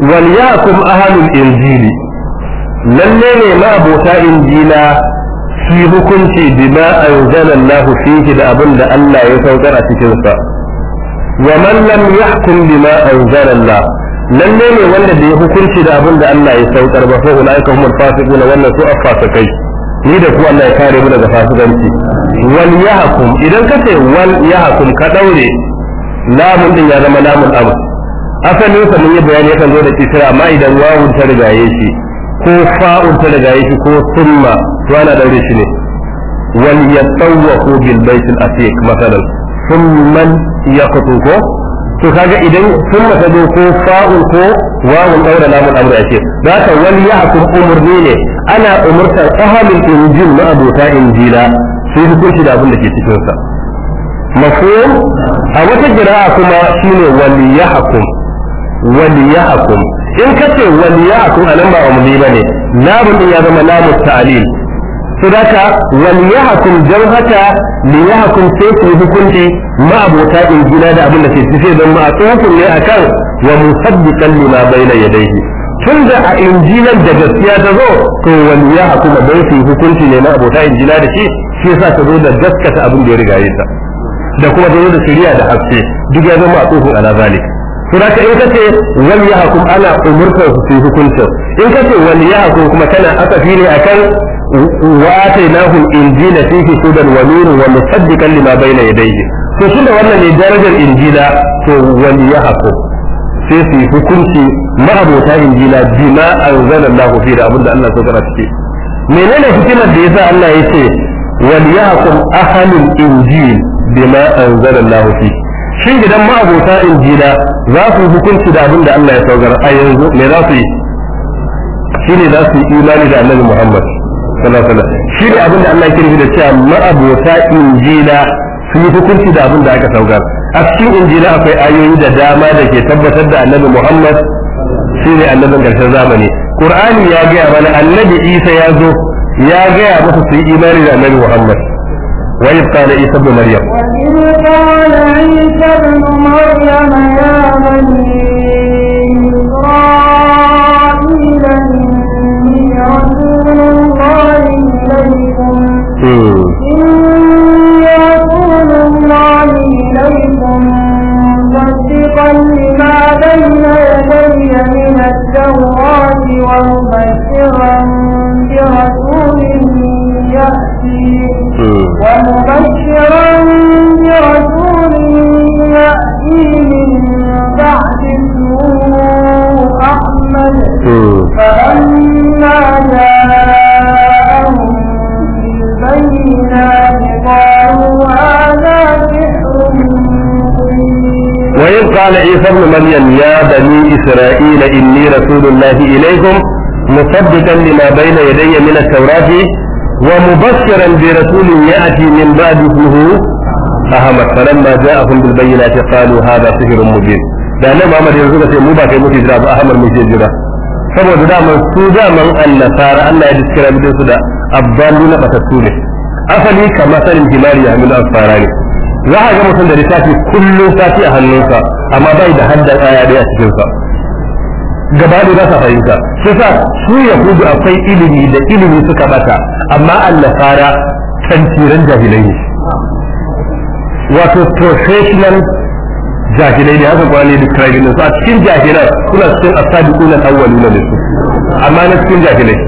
wal yakum ahlul injili lalle ne ma abota injila fi hukunci bima anzala Allah fihi da abin Allah ya saukar a cikin sa wa man bima lalle ne wanda bai hukunci da abin da Allah ya saukar ba ulaika humul fasiquna wannan su ni da ku Allah ya kare mu daga fasikanci wal yahkum idan kace wal yahkum ka daure lamun din ya zama lamun amr asali sa mun yi bayani kan zo da kisra amma idan wawun ta rigaye shi ko fa'un ta rigaye shi ko summa to ana daure shi ne wal yatawwaqu bil bait al atiq masalan summan yaqtu ko to kaga idan summa ta zo ko fa'un ko wawun daura lamun amri ake da ka wal yahkum umurni ne ana umurtar ahalul injil ma abota injila sai hukunci da abin da ke cikin sa mafhum a wata jira'a kuma shine wal yahkum hakun, in ka ce a anan ba ummi bane lamun din ya zama lamu ta'lil sadaka waliyahakum dan haka hakun sai ku hukunci ma abota in gina da abin da ke tafe don ma tsofin ne akan wa musaddiqan lima bayna yadayhi tun da a injilan da gaskiya ta zo to a dan su hukunci ne na abota injila da shi shi yasa ta zo da gaskata abin da ya riga yi ta da kuma zo da shari'a da haske duk ya zama a tsohon ala zalika kuma ka in kace wal yahkum ana umurta su su hukuncin in kace wal yahkum kuma kana asafi ne akan wa atainahum injila fihi hudan wa nurun wa musaddiqan lima bayna yadayhi to tunda wannan ne darajar injila to wal yahkum sai su hukunci ma'abota injila bima anzala Allah fi da abinda Allah ya kara ciki menene hikimar da yasa Allah ya ce wal yahkum ahlul injil bima anzala Allah fihi shin gidan ma'abota injila za su hukunci da abin da Allah ya saukar a yanzu me za su yi shi ne za su yi imani da Annabi Muhammad sallallahu alaihi wasallam shi ne abin da Allah ya kirki da cewa ma'abota injila su yi hukunci da abin da aka saukar a cikin injila akwai ayoyi da dama da ke tabbatar da Annabi Muhammad shi ne annabin karshen zamani Qur'ani ya gaya mana Annabi Isa ya zo ya gaya masa su yi imani da Annabi Muhammad وإذ قال عيسى ابن مريم وإذ قال عيسى ابن مريم يا بني إسرائيل إني رسول الله إليكم إني رسول الله إليكم مصدقا لما بين يدي من التوراة ومبشرا ومبشرا برسول يأتي من بعد أحمد قال عيسى ابن مريم يا بني إسرائيل إني رسول الله إليكم مصدقا لما بين يدي من التوراة ومبشرا برسول يأتي من بعد اسمه أحمد فلما جاءهم بالبينات قالوا هذا سحر مبين da nan Muhammad yanzu ka sai mu ba kai muke jira ba Ahmad muke jira saboda daman su daman annasara Allah ya diskira bidin su da abdalu na batattu ne asali kamar sanin himari ya hamil asfara ne za a ga mutum da littafi kullum sati a hannunsa amma bai da haddan aya daya cikin sa gaba da za ta fahimta sai sa su yahudu akwai ilimi da ilimi suka bata amma Allah fara tantiran jahilai ne wato professional jahilai ne haka kwane da nan su a cikin jahilai suna cikin asadi kuna awwalu na su amma na cikin jahilai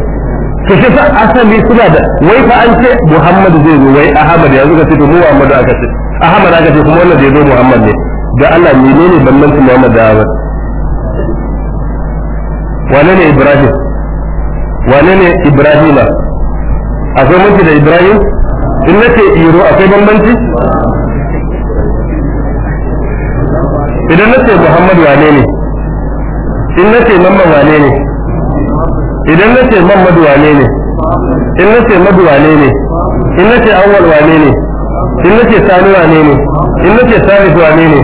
to shi sa asali suna da wai fa an ce Muhammadu zai zo wai Ahmad ya zuka ce to Muhammadu aka ce Ahmad aka ce kuma wannan da ya zo Muhammad ne da Allah menene bambancin Muhammad da Ahmad wane ne ibrahim wane ne ibrahima akwai manci da ibrahim in na ce iro akwai bambanci idan na ce muhammad wane ne in na ce mamman wane ne idan na ce mamman wane ne in na ce madu wane ne in na ce awwal wane ne in na ce sani wane ne in na ce salif wane ne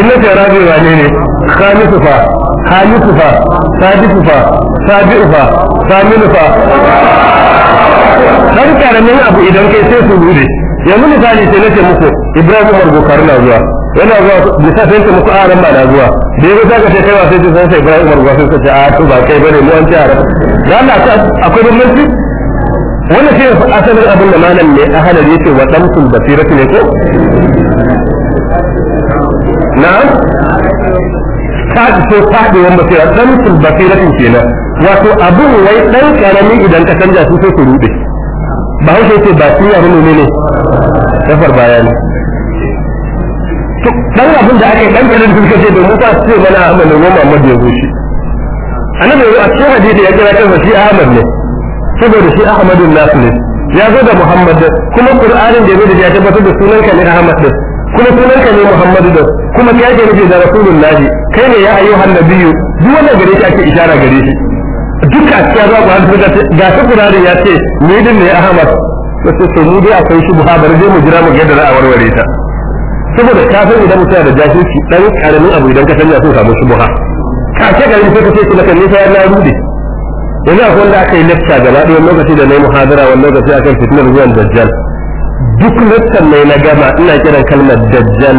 in na ce rabi wane ne kamisu fa halifu fa sadiku fa sabi'u fa saminu fa dan karamin idan kai sai su bude yanzu misali sai nace muku ibrahim umar bukari na zuwa yana zuwa lissafin ta muku aran na zuwa da yanzu zaka ce kaiwa sai sai sai ibrahim umar bukari sai a ah, to ba shi asalin abin da malam ne ahalar yake wa damsul basirati ne ko na ta iso faɗewar basira dan basiratin kenan wato abin wai dan karami idan ka canja su sai su rude ba hausa ce ba su yaro ne ne kafar baya ne to dan abin da ake dan karami suka ce domin su ce mana Ahmad ne Muhammad ya zo shi annabi a cikin hadisi ya kira kansa shi Ahmad ne saboda shi Ahmadun Nasir ne ya zo da Muhammad kuma Qur'anin da ya zo da ya tabbatar da sunan ka ne Ahmad din kuma sunan ka ne Muhammadu da kuma kai ke nufi da Rasulullahi kai ne ya ayyuhan biyu duk wanda gare shi ake ishara gare shi duka a cikin za ku hannu da ga ta kurari ya ce ni din ne Ahmad to sai to mu dai akwai shi buhabar dai mu jira mu ga da a warware ta saboda ka san idan mutum da jahilci dan karamin abu idan ka sanya sun samu shubha ka ce garin sai ka ce kuma kan nisa ya na rude yanzu akwai wanda aka yi lecture gaba ɗaya lokaci da na yi muhadara wani lokaci akan fitnar ruwan dajjal duk lattan mai na gama ina kiran kalmar dajjal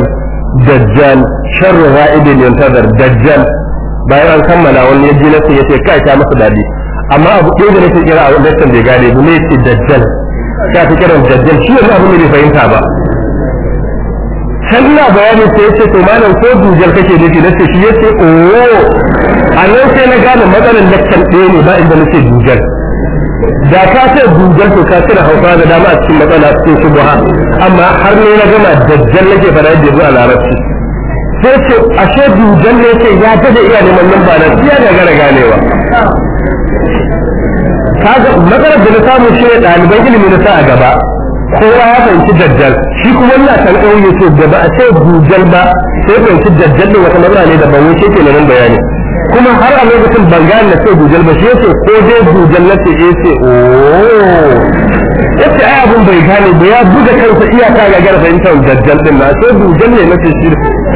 dajjal sharru ra'idin yuntazar dajjal bayan an kammala wani ya ji nasu ya ce kai ta masa dadi amma abu ke da nake kira a lattan bai gane ba ne ce dajjal ka fi kiran dajjal shi yanzu abu ne bai fahimta ba can bayani sai ya ce to malam ko dujal kake nufi nace shi ya ce o a nan sai na gane matsalar lattan ɗaya ne ba inda nace dujal da ka ce dujan to ka cire hausa da dama a cikin matsala cikin shubuha amma har ne na gama dajjal nake fara yadda zuwa larabci sai ce ashe dujan ne ce ya dade iya neman nan ba na siya da gara ganewa kaga matsalar da na samu shi ne ɗaliban ilimi na sa a gaba kowa ya fahimci dajjal shi kuma yana kan ƙauye ce da ba a ce dujal ba sai fahimci dajjal ne wata matsala ne da ban wuce ke nan bayani kuma har a lokacin ban gane na sai dujal ba shi yace ko dai dujal na ce yace oh yace ai abun bai gane ba ya buga kansa iyaka ga gar fahimtar dajjal din na sai dujal ne nace shi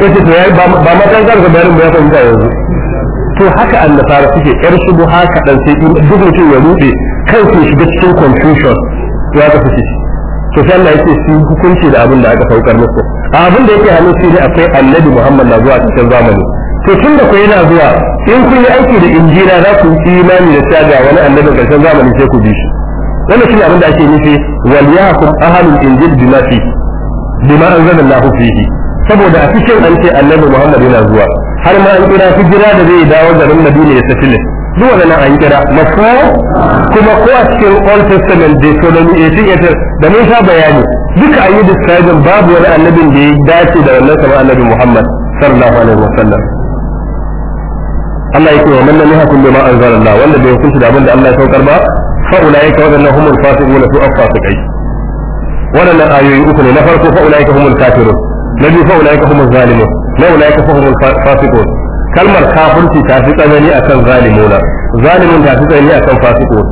yace to yayi ba ma kan kansa bayanin ba ya fahimta yanzu to haka annasara suke yar shubu haka dan sai duk mutum ya rube kansa ya shiga cikin confusion ya ka fice to sai Allah yake su hukunci da abin da aka faukar musu abin da yake hannu shi ne akwai annabi Muhammad na zuwa cikin zamani to tun da ku yana zuwa in kun yi aiki da injina, za ku yi imani da shaga wani annabin karshen zamani sai ku bi shi wannan ne abin da ake nufi wal yahkum ahlul injil bima fi bima anzalallahu fihi saboda a cikin an ce annabi Muhammad yana zuwa har ma an kira hijira da zai dawo garin Madina ya tafi duk wannan an kira mafu kuma ko a cikin Old Testament Deuteronomy 18 da mun sha bayani duka an yi describing babu wani annabin da ya dace da wannan sama annabi Muhammad sallallahu alaihi wasallam Allah yake wa man lam yahkum bima anzalallah wanda bai hukunta da abin da Allah ya saukar ba fa ulaika wadannan humul fasiquna su afasiqai wadannan ayoyi uku ne na farko fa ulaika humul kafirun na biyu fa ulaika humul zalimun na ulaika fa humul fasiqun kalmar kafirci ta fi tsanani akan zalimuna zalimun ta fi tsanani akan fasiqun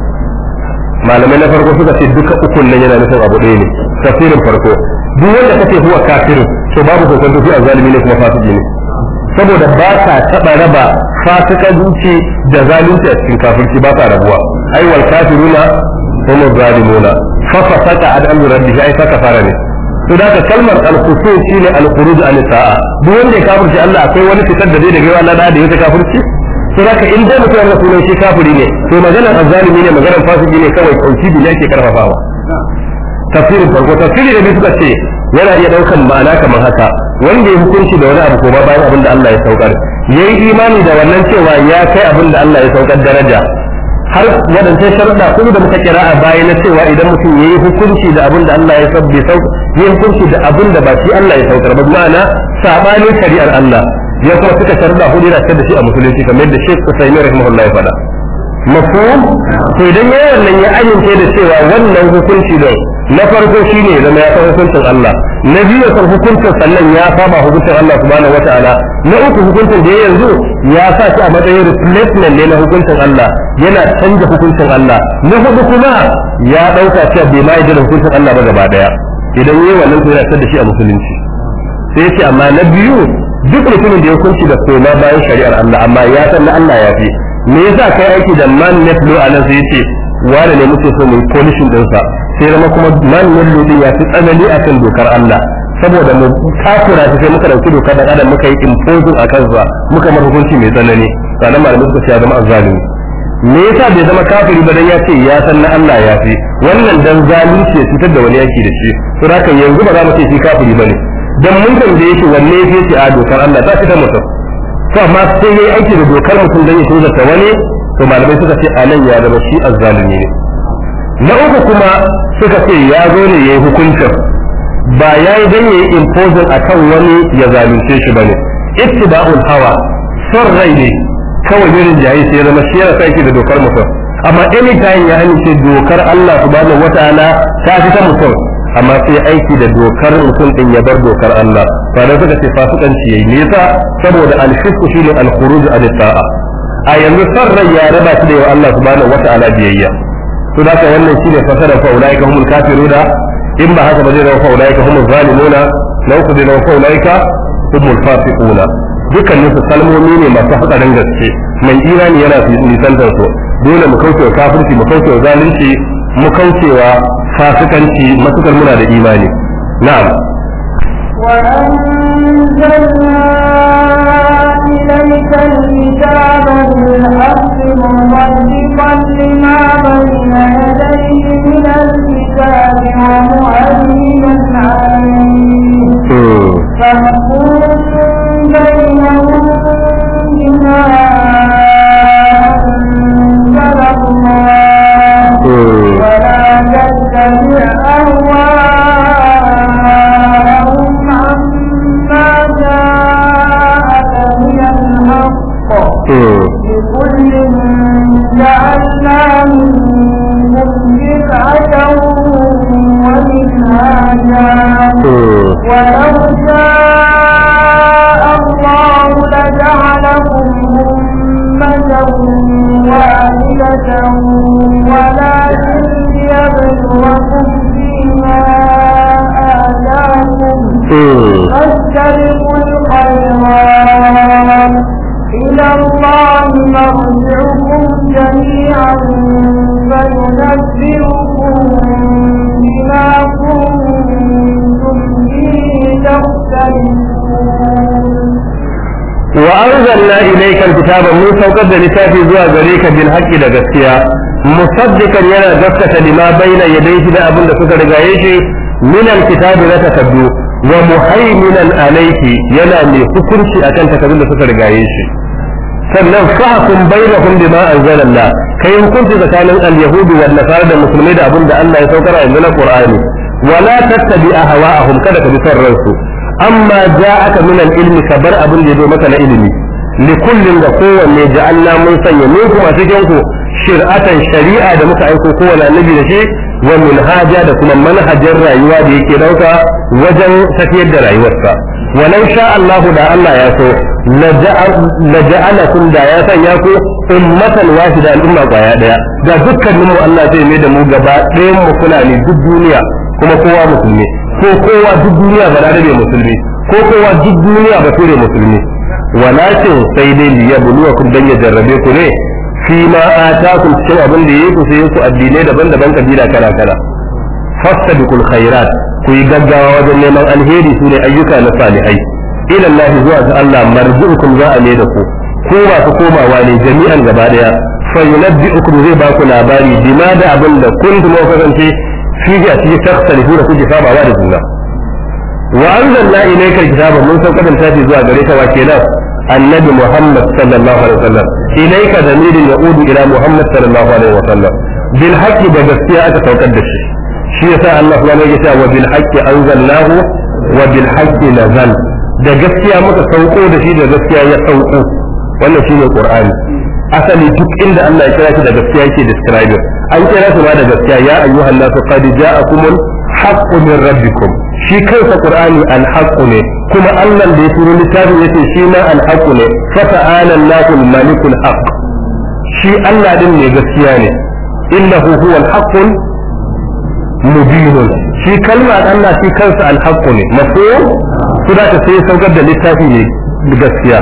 malamai na farko suka ce duka ukun nan yana nufin abu ɗaya ne tafsirin farko duk wanda kace huwa kafirun to babu hukunta shi a zalimi ne kuma fasiki ne saboda ba ta taɓa raba zuci da zalunci a cikin kafirci ba ta rabuwa ai wal kafiruna kuma zalimuna fa fasaka an amru rabbi ai saka kafara ne to da ka kalmar al-khusu ne al-khuruj an sa'a duk wanda ya kafirci Allah akwai wani fitar da zai daga Allah da ya ta kafirci to da ka in dai mutum ya sunan shi kafiri ne to maganar azzalimi ne maganar fasiki ne kawai kauci bi yake karfafawa tafsirin farko tafsirin da suka ce yana iya daukan ma'ana kamar haka wanda ya hukunci da wani abu ko ba bayan abin da Allah ya saukar yayi imani da wannan cewa ya kai abin da Allah ya saukar daraja har wadancan sharuɗa ko da muka kira a baya na cewa idan mutum yayi hukunci da abin da Allah ya saukar yayi hukunci da abin da ba shi Allah ya saukar ba ma'ana sabanin shari'ar Allah ya kuma suka sharuɗa hudu yana da shi a musulunci kamar yadda Sheikh Usaimi rahimahullah ya faɗa mafhum to idan yayi wannan ya amince da cewa wannan hukunci da na farko shine ne zama ya san hukuncin Allah na biyu san hukuncin sallan ya saba hukuncin Allah subhanahu wataala na uku hukuncin da yanzu ya sa shi a matsayin replacement ne na hukuncin Allah yana canza hukuncin Allah na hudu kuma ya dauka cewa bai ma da hukuncin Allah ba gaba daya idan yayi wannan to ya da shi a musulunci sai ce amma na biyu duk mutumin da ya hukunci da kuma bayan shari'ar Allah amma ya san na Allah ya fi me yasa kai aiki da man net blue anan sai ce wani ne muke so mu yi polishin dinsa sai zama kuma man lulludi ya fi tsanani a kan dokar Allah saboda mu takura shi sai muka dauki dokar da adam muka yi imposing a kan zuwa muka mar hukunci mai tsanani sannan malamin suka ce ya zama azzalimi me yasa bai zama kafiri ba dan ya ce ya san na Allah ya fi wannan dan zalunci ya cutar da wani yaki da shi to haka yanzu ba za mu ce shi kafiri bane dan mun da shi wanne yake ce a dokar Allah ta fitar mutum to amma sai yayi aiki da dokar mutum dan ya tozata wani to malamai suka ce nan ya zama shi azzalimi ne na uku kuma suka ce ya zo ne ya yi hukuncin ba ya yi don ya yi imposin a kan wani ya zalunce shi ba ne ittiba'ul hawa son rai ne kawai irin jayi sai ya zama shi yana sa da dokar mutum amma time ya sai dokar Allah subhanahu wataala ta fi ta mutum amma sai aiki da dokar mutum din ya bar dokar Allah ba da suka ce fasikanci yayi ne saboda al-fisq shine al-khuruj an ta'a a yanzu sarra ya raba shi da Allah subhanahu wataala biyayya to da wannan shine fasara fa ka humul kafiruna in ba haka ba zai zama fa ka humul zalimuna na ku zai zama fa ulaika humul fasiquna dukkanin su kalmomi ne masu hadarin gaske mai imani yana nisantar su dole mu kauce wa kafirci mu kauce wa zalunci mu kauce wa fasikanci matukar muna da imani na'am wa إليك الكتاب بالحق مصدقا لما بين يديه من الكتاب ومؤمنا عليه فاستبقوا وأنزلنا إليك الكتاب من سوق الدلسات زوى ذلك بالحق لغسيا مصدقا يرى جفتة لما بين يديه لأبن دفكة لغايته من الكتاب لا تكبير wa muhaiminan alayhi yana mai hukunci kan takardun da suka rigaye shi sannan fahkum bainahum bima anzalallah kai hukunci tsakanin al'yahudi yahudi nasara da musulmai da abin da Allah ya saukar a yanzu na Qur'ani wala tattabi ahwa'ahum kada ka bi son ransu amma ja'aka min al-ilmi kabar abin da ya zo maka na ilimi likullin da kowanne ja'alna mun sanya ne kuma cikin ku shir'atan shari'a da muka aiko kowanne annabi da shi wa haja da kuma manhajar rayuwa da yake dauka wajen tafiyar da rayuwarsa walau sha Allah da Allah ya so laja'alakum da ya sanya ku ummatan wahida al'umma kwaya daya ga dukkanin mu Allah zai mai da mu gaba ɗayan mu kula ne duk duniya kuma kowa musulmi ko kowa duk duniya ba da musulmi ko kowa duk duniya ba ture musulmi walakin sai dai ya buluwa kun dan ya jarrabe ku ne fi ma atakum cikin abin da yake sai ku addinai daban-daban kabila kala kala fastabiqul khairat ku yi gaggawa wajen neman alheri sune ayyuka na salihai ila Allah zuwa ga Allah marji'ukum za a ne da ku ku masu komawa ne jami'an gaba daya fa yunabbi'ukum zai ba ku labari bima da abin da kuntum kasance fi ga cikin takhsalihu da kuke sabawa da juna wa anzalna ilayka kitaba mun saukar da tafi zuwa gare ka wa kenan annabi Muhammad sallallahu alaihi wasallam ilayka damirin yaudu ila Muhammad sallallahu alaihi wasallam bil haqqi da gaskiya aka saukar da shi shi yasa Allah subhanahu ya ce wa bil haqqi anzalnahu wa bil haqqi nazal da gaskiya muka sauko da shi da gaskiya ya sauko wannan shine Qur'ani asali duk inda Allah ya kira shi da gaskiya yake describe an kira shi ma da gaskiya ya ayyuhan nasu Khadija a haqqu min rabbikum shi kansa qur'ani alhaqqu ne kuma Allah da ya turo littafin yace shi ma alhaqqu ne fa ta'ala Allahu malikul haqq shi Allah din ne gaskiya ne innahu huwa alhaqqul mubin shi kalma Allah shi kansa alhaqqu ne mafhum su da sai saukar da littafi ne gaskiya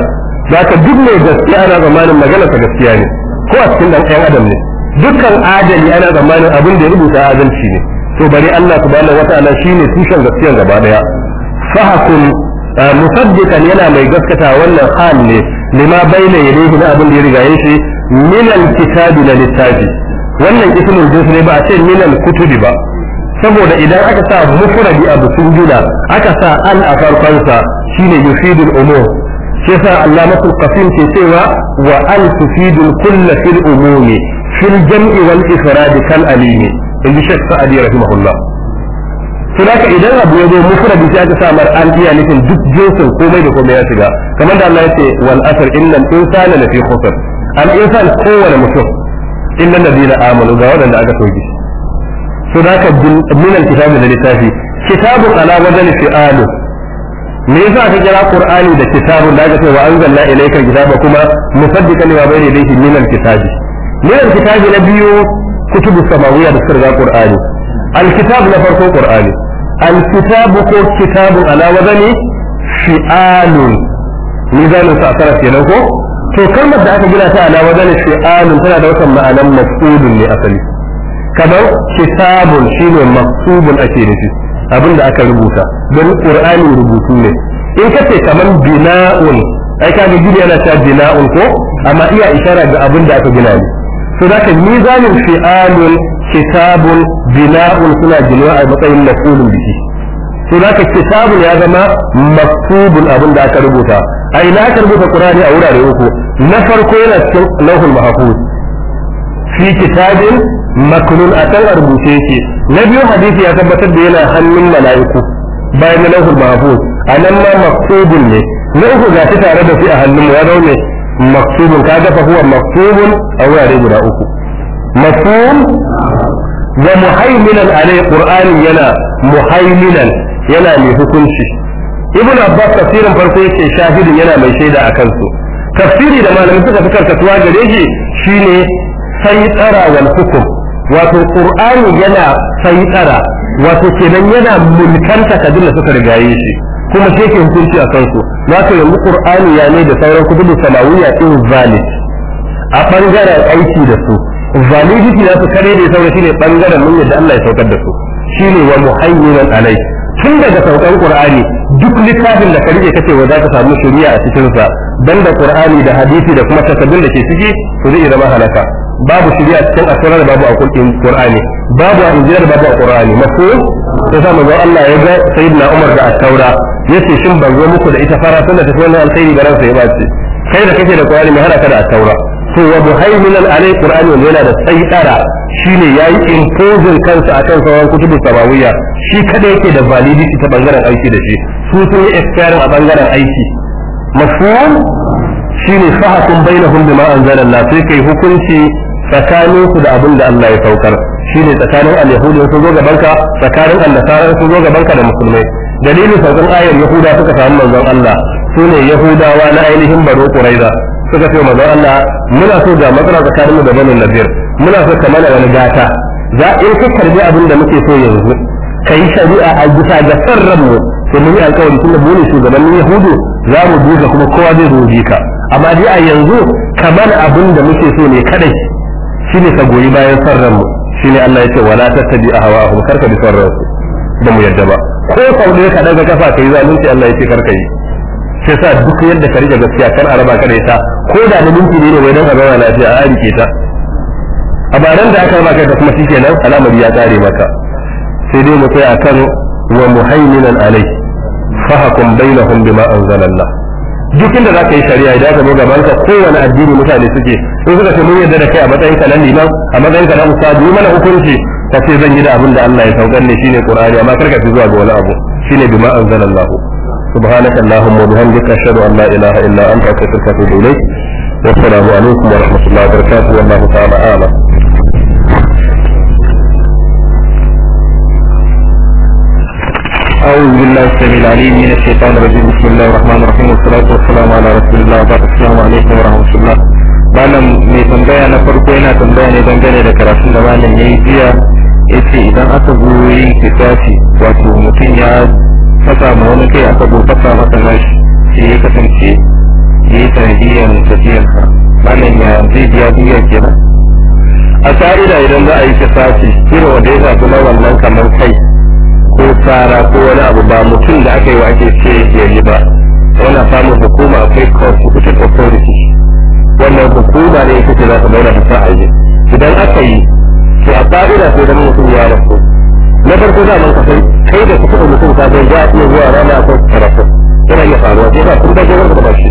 da ka duk mai gaskiya ana zamanin magana ta gaskiya ne ko a cikin dan adam ne dukkan adali ana zamanin abin da ya rubuta adalci ne to bari Allah subhanahu wataala shine tushen gaskiyar gaba daya fahakun ah, musaddiqan yana mai gaskata wannan hal ne lima baina yadayhi na abin da ya riga shi min kitabi na littafi wannan ismul jins ne ba a ce min alkutubi ba saboda idan aka sa mufradi a sungula aka sa al a sa shine yufidul umur shi yasa allamatul qasim ke cewa wa al tufidul kull fil umumi fil jam'i wal ifrad kal alimi in ji shek sa'adi rahimahullah to ka idan abu ya zo bi sai sa samar an iya nufin duk jinsin komai da komai ya shiga kamar da Allah ya ce wal asr innal insana lafi khusr al insan kowane mutum illal ladina amanu ga wadanda aka soki so da ka min al kitab da litafi kitabun ala wajen fi'alu me yasa ka kira qur'ani da kitabun da aka ce wa anzalna ilayka kitaba kuma musaddiqan lima bayna yadayhi min al kitab min al kitab na biyu kutubu samawiyya da sirga qur'ani alkitab na farko qur'ani alkitab ko kitabun ala wazani fi'alun mizanin sa asara kenan ko to kalmar da aka gina ta ala wazani fi'alun tana da wata ma'anan maf'ulun ne asali kamar kitabun shine maqsubun ake nufi abin da aka rubuta don qur'ani rubutu ne in kace kamar bina'un ai kaga gidi yana ta bina'un ko amma iya isharar ga abin da aka gina ni. to da ka mizanin fi'alun kitabun bina'un suna ginuwa a matsayin mafulun biki to da ya zama maktubun abin da aka rubuta a ina aka rubuta qur'ani a wurare uku na farko yana cikin lauhul mahfuz fi kitabin makunun a kan a rubuce na biyu hadisi ya tabbatar da yana hannun mala'iku bayan na lauhul mahfuz a nan ma maktubun ne na uku ga tare da fi a hannun ya zaune maksubun kaga fa huwa maksubun a wurare guda uku mafhum wa muhaiminan alai yana muhaiminan yana mai hukunci ibn abbas tafsirin farko yace shahidin yana mai shaida a kansu tafsiri da malamai suka fi karkatuwa gare shi shine sai tsara wal hukum wato qur'ani yana sai tsara wato kenan yana mulkanta kadin da suka rigaye shi kuma shi ke hukunci a kansu za ka yanzu qur'ani ya ne da sauran kutubu salawiyya in zalim a bangaren aiki da su validity za su kare da sauran ne bangaren mun yadda Allah ya saukar da su shi ne wa muhayyinan alai tun daga saukan qur'ani duk littafin da ka rike kace wa za ka samu shari'a a cikin sa dan da qur'ani da hadisi da kuma tasabin da ke ciki to zai zama halaka babu shari'a cikin asirar babu a qur'ani babu a injiyar babu a qur'ani mafu sai sa manzo Allah ya ga sayyidina Umar da at-Taura yace shin ban zo muku da ita fara sallah ta wannan alkhairi garan sai ba ce kai da kake da qur'ani mai halaka da at-Taura to wa muhaimin alai qur'ani wanda yana da tsaidara shine yayi imposing kansa akan sauran kutubu sabawiyya shi kada yake da validity ta bangaren aiki da shi su sun yi expiring a bangaren aiki mafhum shine fahakun bainahum bima anzalallah sai kai hukunci tsakanin su da abin da Allah ya saukar shine tsakanin al-yahudi sun zo gaban ka tsakanin an-nasara sun zo gaban ka da musulmai dalilin sauran ayar yahuda suka samu manzon Allah sune yahudawa na ainihin baro quraiza suka ce manzo Allah muna so ga matsala tsakanin mu da banin nadir muna so ka mana wani gata za in ka karbi abin da muke so yanzu kai shari'a a bisa ga sarran mu sai mun yi alƙawari tun da mu ne shugabannin yahudu za mu duka kuma kowa zai rubi ka amma dai a yanzu kamar abin da muke so ne kadai shine ka goyi bayan sarran mu shine Allah ya ce wala tattabi ahwa'ahum karka bi sarran su ba mu yadda ba ko sau da ka daga kafa kai zalunci Allah ya ce karka yi sai sa duk yadda ka rike gaskiya kan araba raba ka da ko da na minti ne wai dan a zauna lafiya a rike ta a baran da aka ba ka da kuma shikenan alamar ya kare maka sai dai mu a akan wa muhaiminan alai fahakum bainahum bima anzalallah duk inda za ka yi shari'a idan ka zo gaban ka kowane addini mutane suke sai suka ce mun yadda da kai a matsayin ka na liman a matsayin ka na ustadi mana hukunci ka ce zan yi da abin da Allah ya saukar ne shine qur'ani amma kar ka fi zuwa ga wani abu shine bima anzalallahu سبحانك اللهم وبحمدك أشهد أن لا إله إلا أنت أستغفرك وأتوب إليك والسلام عليكم ورحمة الله وبركاته والله تعالى أعلم أعوذ بالله السميع العليم من الشيطان الرجيم بسم الله الرحمن الرحيم والصلاة والسلام على رسول الله وبعد السلام عليكم ورحمة الله malam mai tambaya أنا farko yana tambaya ne dangane da karatun da malam ya yi jiya ya ce idan aka fasa ma wani kai aka go fasa masa nashi sai ya kasance ya yi sanadiyar ka wannan ya zai biya duniya kenan a sa'ida idan za a yi kisashi kira wanda ya zafi na wannan kamar kai ko tsara ko wani abu ba mutum da aka yi wa ake ce ya yi ba wannan samun hukuma akwai constitution authority wannan hukuma ne ya ce za ta daura da sa'ayi idan aka yi to a sa'ida sai dan mutum ya rasu na farko da man kai kai da kuka mutum ka ga ya iya zuwa rana ko karatu kana iya faruwa sai ka kuma ga jiran da shi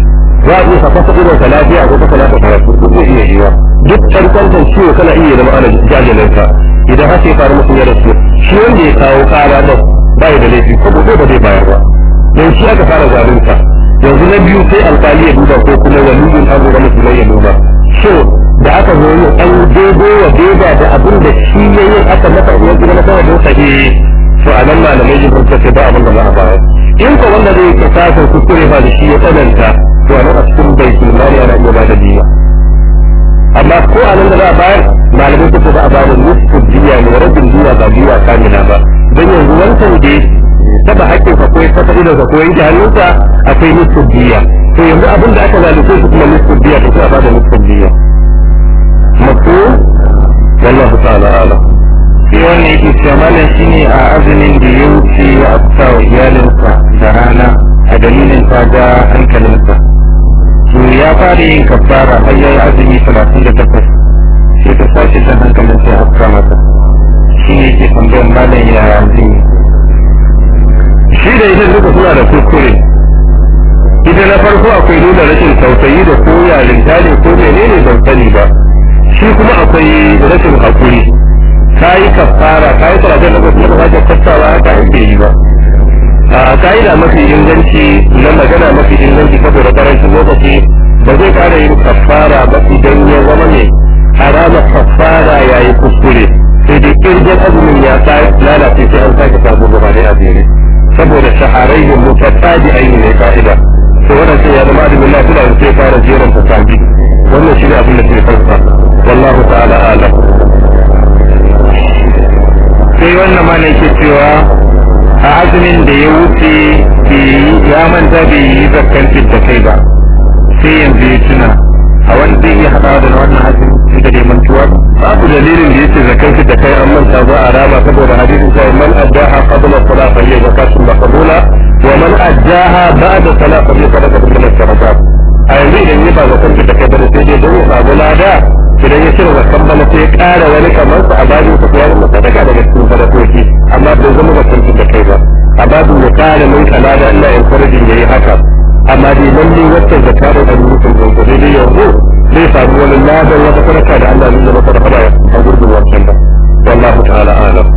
ya a iya kafa kudin ka lafiya ko kafa da karatu duk zai iya yiwa duk kankantan ciwo kana iya da ma'ana jajalin ka idan haka ya faru mutum ya rasu shi wanda ya kawo kara da bai da laifi ko ba zai bayar ba don shi aka fara zabin ka yanzu na biyu sai alkali ya duba ko kuma abu da musulmai ya duba shin da aka zo yi an dogo wa beda da abin da shi ya yi aka masa ruwan gida na sama don sahihi to a nan malamai jibin ta ce ba abin da za a bayar in ko wanda zai su kure ba da shi ya tsananta to a nan a cikin bai kimani ana iya ba da biya amma ko a nan da za a bayar malamai suka ba a ba da nisfu biya ne rabin biya ba biya kamina ba don yanzu wancan da taba hakkin ka ko ya fasa idan ka ko yanke hannunka akwai nufin biya to yanzu abin da aka zalice su kuma nufin biya ta sai a ba da nufin biya mafi wallahu ta'ala ala shi wannan yake cewa malam ne a azumin da ya wuce ya afta wa iyalinsa da rana a dalilin ta ga hankalinsa to ya fara yin kafara har ya yi azumi talatin da takwas sai ta sashi da hankalinsa ya afta mata shi ne yake tambayar malam ya azumi shi da idan duka suna da kuskure ita na farko akwai nuna rashin tausayi da koya, yarinta ne ko menene ban sani ba shi kuma akwai rashin hakuri ta yi kafara ta yi kurajen da kuma ka ta kattawa ta yi yi ba a ka'ida mafi inganci na magana mafi inganci saboda karancin lokaci ba zai kara yin kafara ba idan ya zama ne rana kafara ya yi kuskure sai dai ƙirgin azumin ya sa lalace sai an sake sabo gaba da azumi saboda shaharai ne mutattabi ainihin ne ka'ida to wannan sai ya zama azumin lafiya sai fara jeran sabi wannan shi ne abin da ke farfa الله تعالى أعلم في وانا ما نيشتوا أعزمين ديوتي في يامن زبي يذكر في التكيبة في ينزيتنا أولا ديه حقاد الوانا عزم انت دي منتوار أبو دليل اللي يتذكر في التكي أمن تضاء راما قبول حديث زي من أداها قبل الصلاة فهي زكاة بقبولة ومن أداها بعد الصلاة فهي صدقة من الشرطات أيضا ينبع زكاة في التكيبة لسيدي دوه قبول أداها idan ya cire zakkan bana sai ya ƙara wani kamar su a babin sa ya zama sadaka daga cikin sadakoki amma bai zama ba sun da kai ba a babin ya ƙara min kala da Allah ya farjin ya yi haka amma dai lalle wacce zakka da ɗan mutum ɗan kuɗi dai yanzu zai samu wani ladan wata sadaka da Allah ne da masa da fada a gurbin wancan ba wallahu ta'ala alam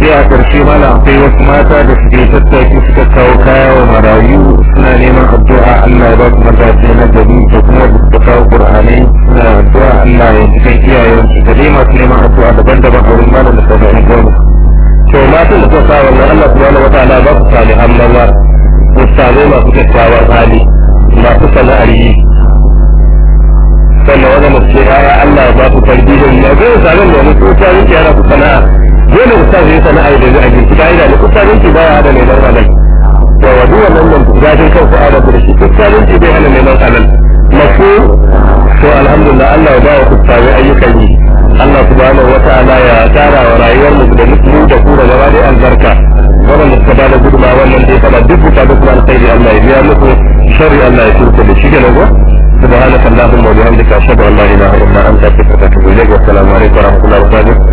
sai a ƙarshe mala akwai wasu mata da suke tattaki suka kawo kaya wa marayu suna neman addu'a Allah ya ba su mazaje na gari da kuma da kawo qur'anai suna addu'a Allah ya cikin iyayen su da dai masu neman addu'a daban-daban a wurin malam da sauran gwamnati to matan da suka sa wannan Allah subhanahu ala ba su sami annabawa su sami masu kyakkyawan hali masu sana'ar yi sannan wani mace ya Allah ya ba su tarbiyya ya zai sami da mutunta yake yana su sana'a dole ustaz ya sana a yanzu a jinki ka'ida ne ustazanci ba ya hada neman halal yawa duk wannan nan zafin kanku a rabu da shi ustazanci bai hana neman halal mako to alhamdulillah Allah ya ba wa ustazai ayyukan yi Allah subhanahu wata'ala ya tara wa rayuwar mu da musulmi da ku da gaba da albarka wannan suka bada guduma wannan da ya fada duk mutane alkhairi Allah ya biya muku sharri Allah ya turta da shi ga nan سبحانك اللهم وبحمدك اشهد ان لا اله الا انت استغفرك واتوب اليك والسلام عليكم ورحمه الله وبركاته